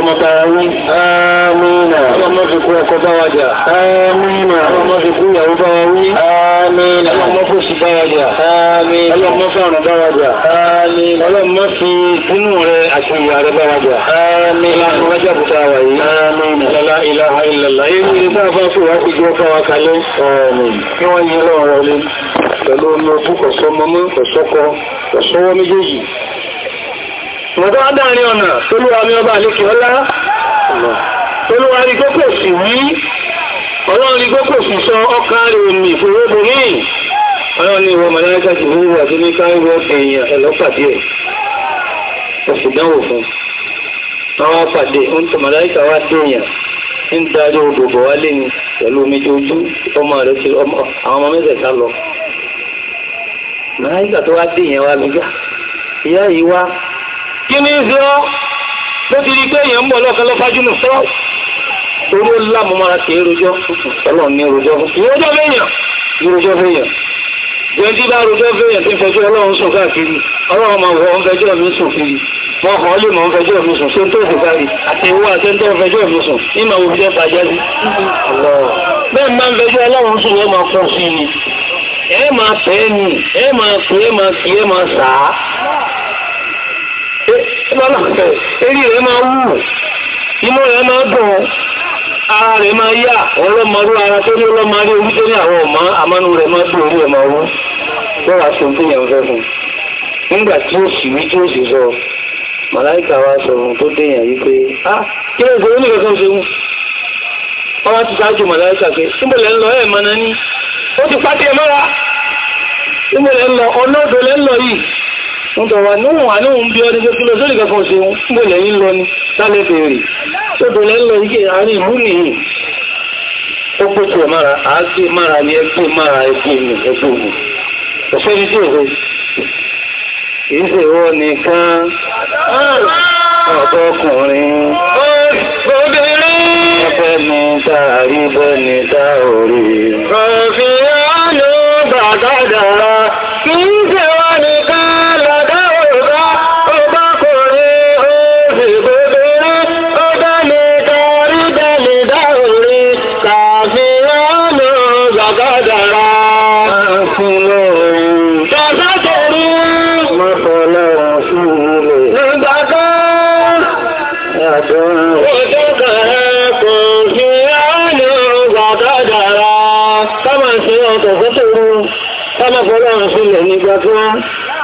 [SPEAKER 1] ọlọ́mọta ẹ̀rí àmìnà ọlọ́mọ́fikú ọkọ bá wa jà àmìnà ọlọ́mọ́fikú ìyàwó bá wa wí àmìnà ọlọ́mọ́fòsì bá wa jà àmìnà ọlọ́mọ́fàrùn bá wa jà àmìnà ọlọ́mọ́fi inú rẹ àti ìyà rẹ bá wa jà àmìnà ọlọ́mọ́jàbùtà wà yìí àmìnà lọ́lá ìlàhà ìlàlá ewu ni bá bá fún wa kújọ fún wa kalẹ̀ kí wọ́n yẹ lọ́wọ́ wọlé pẹ̀lú ọmọ fún kọ̀sọ́ mọ́mọ́ kọ̀sọ́kọ kọ̀sọ́wọ́ méjèèjì ṣùgbọ́n adáàrin ọ̀nà tólúwa mi ọba àlékè ọlá tólúwa rí gókò sí wí ọlọ́run rí gókò sí sọ ọkàn rẹ̀ òmì ìfowóbo ní ọlọ́run ni ìwọ mọ̀láríkà ti mú wà ní káwọ́ èèyàn ẹ̀lọ́pàdé ẹ̀ ìyá yìí kí ní ṣe ọ́ ló ti rí pé èèyàn ń bọ̀ lọ́ọ̀kan lọ́ fájú nù sọ́ orí ó lámúmára kì í rojọ́ ọlọ́run ní rojọ́ fún ìrojọ́ fẹ́yàn ìrojọ́ fẹ́yàn gbẹ̀ndí bá rojọ́ fẹ́yàn tí ń fẹjọ́ ọlọ́run sùn káàkiri ọlọ́run máa wọ̀ ń fẹjọ́ mi sùn kiri wọn kàn lè mọ̀ ń fẹjọ́ mi sùn sóńtó ìfòkárì àti ìwọ àti ń tọ́ fẹjọ́ mi sùn ní màá òfin jẹ́ bàjẹ́ sí. bẹ́ẹ̀ máa ń fẹjọ́ ọlọ́run sùn wọ́n máa kún sí ni ẹ máa tẹ́ ni ẹ máa pè é máa kì í ẹ máa sàá lọ́nà kan eré rẹ̀ máa wù inú rẹ̀ máa dùn ara rẹ̀ máa yá ọlọ́mọrú ara tó ní ọlọ́mọrí orí tó ní àwọn ọ̀mọ́ àmánú rẹ̀ máa dùn orí ẹ̀ máa wú lọ́wọ́ aṣọ tó yẹn fẹ́ fún nígbà tí ó sì wí tí ó sì sọ màláìkà wa sọ̀rọ̀ tó déyàn yí pé ah kí ló ń sọ oníkẹ́ tó ń ṣe wù ti ṣáájú màláìkà pé níbẹ̀lẹ̀ ń lọ ẹ̀ mọ́ná ní ó ti pàtẹ́ mọ́ra níbẹ̀lẹ̀ ń lọ ọ̀nà òdò lẹ́ ń lọ yìí ń tọ̀wà níwọ̀n àníwọ̀n bí ọdún kékeré sórí kẹfọ́ ṣe ń bò lẹ́yìn lọ ní sálẹ̀ fèrè tó tó lẹ́yìn lọ yíké àárín ìlú nìyí ó pé tó mára àáké mára ní ẹgbẹ́ mára ẹgbẹ́ mi ẹgbẹ́ mi ọ̀sẹ́ ní tí òwe kìí ṣe ìwọ nìkan ọ̀dọ́kùnrin obìnrin ẹgbẹ́ mi dáa rí bẹ́ẹ̀ ni dáa ò rí. kàkà fún wọn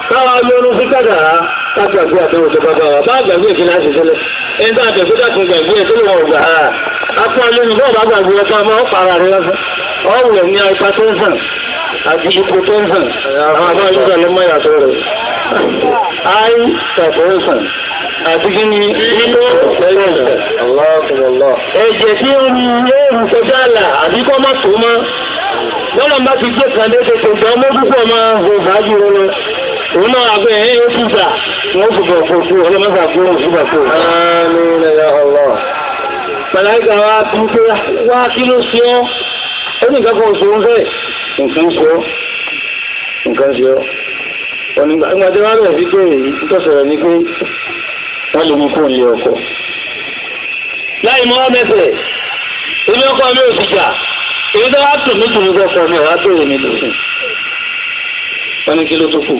[SPEAKER 1] káwà lónú sí kádàrá kápàgbé àtàwọn òjọba bá wà bá gbàgbé ìkí láti sílẹ̀ ẹni tó àtẹ̀gbé dàkùn gbàgbé ẹ̀ tó lè wọ̀n gbà á apá lónú bọ́ọ̀ bá gbàgbé ọ̀pá máa ń fara rẹ lọ́sẹ̀ ọ̀wùrẹ̀ ní ipa tó ń hàn àti ipò tó ń hàn àwọn abájúgbà ló mọ́ ìyàtọ̀ rẹ̀ i separation àti kí ni nínú ẹ̀jẹ̀ tí ó ń yóò rù kọjá àlà àbíkọ́ mọ́ tó mọ́ lọ́nà bá ti gbé kan dé tètè gan mọ́ púpọ̀ máa hò fàájì wọn lọ òun náà àgbẹ̀ ẹ̀ ẹ́ fúgbà wọ́n fúgbà fòfò ọlọ́mọ́sà fún wọn fúgbà fò. àmín ya Allah. pàlàkà wa kú pé wá kí ló ṣe ọ́ ó ní nǹkan kan sòun fẹ́ nǹkan ṣe ọ́ nǹkan ṣe ọ́ ọ̀nìgbà tí wọ́n bẹ̀rẹ̀ sí pé èyí tó sọ̀rọ̀ ni pé wọ́n lè mú kó ń ọkọ̀ láì mọ́ mẹ́fẹ̀ẹ́ ilé èyí tó wá tò mí tò mí gbọ́kọ̀ ní ọ̀wá tó èmi lò fún wọn ní kí ló tó kù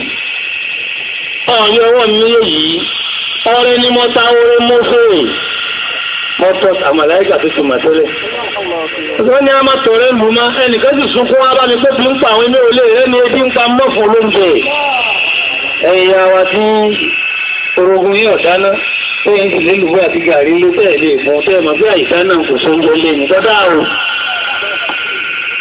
[SPEAKER 1] ọ̀yọ́ ọwọ́ mi yìí ọrẹ ní mọ́ta orí mọ́fẹ́ mọ́tọ́ àmàláìkà tó ti màtẹ́lẹ̀ ọ̀sán ni a máa tọ̀rẹ́ lù má ẹnìkan sì sún fún abámi pé tí ń pa àwọn ilé olè rẹ̀ ní ebi ń pa mọ́fún olóúnjẹ ẹ̀yìn àwa tí orogun yìí ọ̀dáná ó yẹn sì lélùbọ́ àti gàrí ló tẹ̀lé ìfún tẹ́ mọ̀ bí àyíká náà kò sóúnjẹ lé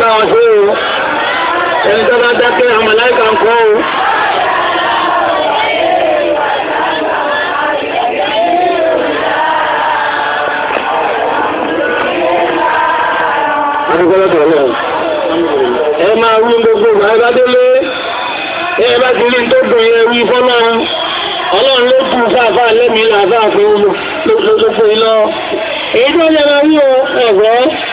[SPEAKER 1] bá wọn ṣe o ẹni tó bá dákẹ́ àwọn ń kọ́ o. ẹ máa wí gbogbo ìgbà délé ẹ bá ti tó dùn yẹ wí ọlọ́run ló kù fáfá lẹ́mìí làfáà pé ó ló èyí tó yẹ máa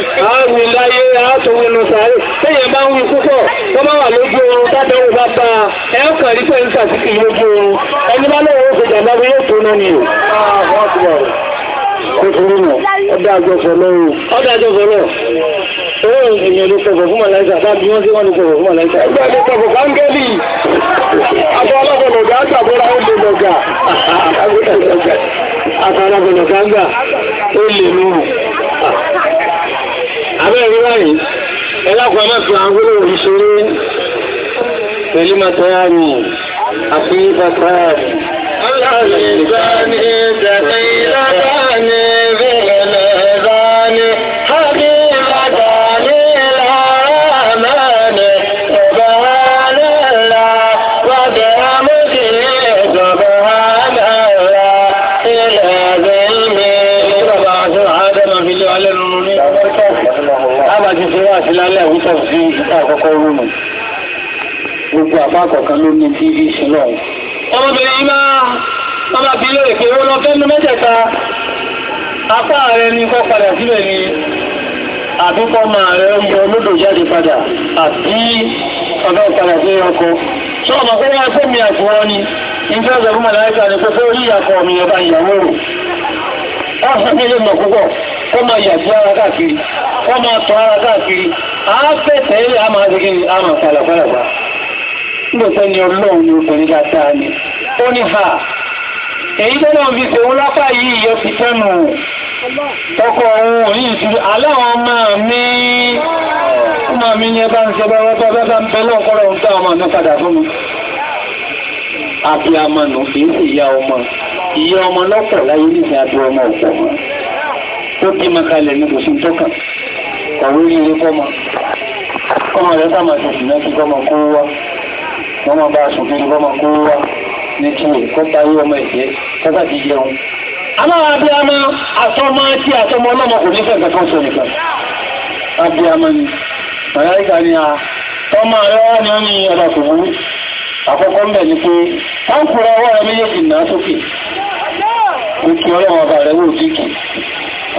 [SPEAKER 1] àáwì láyé àátòwò lọ sàárè téèyàn bá ń wí púpọ̀ wọ́n bá wà lójú oorun tádẹ́wò bá bá a ẹ̀ ń kàn rí pẹ̀lú sàtìkì lójú oorun ẹni bá lọ́wọ́ ó fẹjà bá yóò tó náà ni o. kòkòrò nà ọdọ àjọsọ lọ́wọ́. ọdọ àjọsọ lọ owó èèyàn ló sọ̀rọ̀ fún màláìsà bá bí wọ́n sí wọ́n ló sọ̀rọ̀ fún màláìsà. ẹgbẹ́ mi sọ̀rọ̀ fáńgẹ́lì àbọ̀ ọlọ́gbọ̀lọ̀gà àtàbọ̀ra ó lè lọ̀gà àtàbọ̀lọ̀gà ó lè lọ́rùn abẹ́rẹ́ báyìí ẹlákùn amẹ́fẹ́ àwọn olóòṣèré pẹ̀lú matayamu àti bàtà Ọlọ́run ìgbà ní ìdàkẹ́ ìlànà ní bẹ̀rẹ̀ àti lálẹ́ àwùjọ sí ìta àkọ́kọ́ rúmù gbogbo àbá kọ̀ọ̀kan ló ní tí bí ṣe lọ́wọ́. ọmọbìnrin yìí máa máa fi lóòrè pé ó lọ fẹ́nu mẹ́tẹ̀ẹ̀ta apá rẹ ni kọ́ padà sílẹ̀ ni àdúgbò máa rẹ ń bọ lódò jáde padà àti ọ̀dọ́ padà sí ọkọ. sọ ọmọ pé wọ́n gbé mi àtúwọ́ ni ìfẹ́ ọ̀sẹ̀ fún màláìka ni pé fẹ́ orí ìyàkọ̀ mi ọba ìyàwó rò. wọ́n kọ́ máa yàgbé ara káàkiri kọ́ máa tọ́ ara káàkiri àáfẹ́ tẹ́lẹ̀ a máa dégé a máa kàlàkàlàkà nígbẹ̀fẹ́ ni ọlọ́run ni obìnrin dáadáa ni ó ní ha èyí tó náà fi ṣeun lápá yìí yọ fi tẹ́nu ọkọ̀ ohun òní ìṣúrí aláwọn ọmọ mi ọmọ mi ní ẹbá ń ṣe bá wọ́pá bá ń bẹ́lọ́ ọkọ̀rọ̀ ń tọ́ ọmọ mi padà fún mi àti àmànà kìí sì ó bí makalẹ̀ ní òfin tó kàn ọ̀rọ̀ ilé kọ́mọ kọ́mọ rẹ̀ sáàmà ti sì náà kí kọ́mọ kó wá wọ́n máa bá aṣùn kí kọ́mọ kó wá ní kí ẹ̀ kọ́ta rí ọmọ ẹ̀jẹ̀ kọ́ta ti jẹun aláàbíàmá àtọmọ tí àtọmọ ọlọ́mọ kò ní fẹ̀fẹ̀ fún sọ̀nìkan abíàmá ni màláìka ni a tọ́mọ rẹ̀ wá ní ọ́nì ọ̀dà kò burú àkọ́kọ́ mbẹ̀ ni pé táǹkùrọ̀ ọwọ́ rẹ̀ méjèèjì náà sókè Òkè ọlọ́run ọba rẹ̀ wò díkì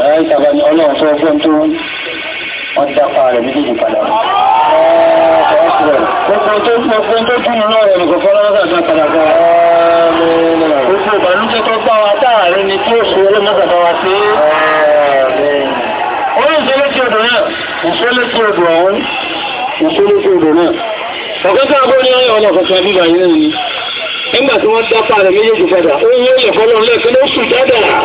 [SPEAKER 1] ọ̀rọ̀ ìtàbà ni ọlọ́run tó ọgbọ́n tó wọ́n dápa rẹ̀ méjèèjì padà Gbogbo tó fún ọgbọ́n tó fún ọlọ́run rẹ̀ nìkan fọ́nà ọ̀sán padà gan. Gbogbo ìbànújẹ́ tó gbá wa táàrin ni tí ó ṣe ọlọ́mọ́sàbá wa sí. Orí ìṣẹ́lẹ̀ tí odò náà, ìṣẹ́lẹ̀ tí odò ọ̀hún, ìṣẹ́lẹ̀ tí odò náà. Ọ̀gọ́ta agbórí ọ̀yọ́ ọlọ́kọ̀ọ́ta bíbà yìí nígbà tí wọ́n dápa rẹ̀ méjèèjì padà ó yóò lè fọ́lọ́ lẹ́ẹ̀kẹ́ ló sùn jáde rà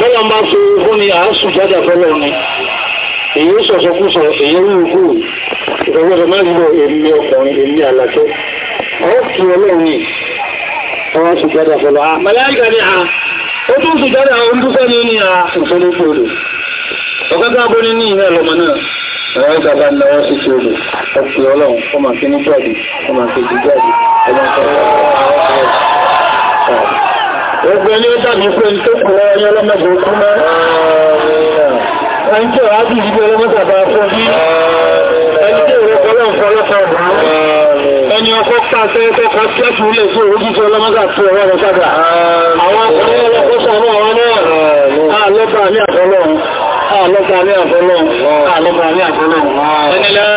[SPEAKER 1] bọ́lá ń bá so fún ni àá sùn jáde fọ́lọ́ ni èyí ó sọ̀sọ̀ kú sọ èyí ó wù kú ìfọwọ́sọ máa ń lo èmi ọkùnrin èmi àlàkẹ́ ọ̀ fi ọlọ́run yìí ọwọ́ sùn jáde fọ́lọ́ a ah, màláìka ni a ah, ó tún sùn jáde àwọn olùdúfẹ́ ni ó ní a ah, ẹ̀rọ ìjọba ń lọ́wọ́ sí ṣe olè ọkùnrin ọlọ́run ó máa kí ní jáde ó máa kejì jáde ó máa kọ́ ọgbẹ́ ní ó dàbí pé ní tó kọ́ ọyọ́ lọ́mọdé kú mọ́ ẹni tí ó rábì ìdíbẹ̀ lọ́mọdàbà fún bí ẹni tí ó rọ́kọ́lọ́ ẹni ọkọ̀ pàṣẹ ẹ̀kọ́ kẹ́kù ilé fún òwújíṣẹ́ ọlọ́mọdà fún ọwọ́ ọ̀sádà àwọn ọkùnrin ọlọ́kọ́sọ̀ náà wọ́n náà lọ́bàá ní àkọ́ àlọ́kùnrin
[SPEAKER 2] àfọ́lọ́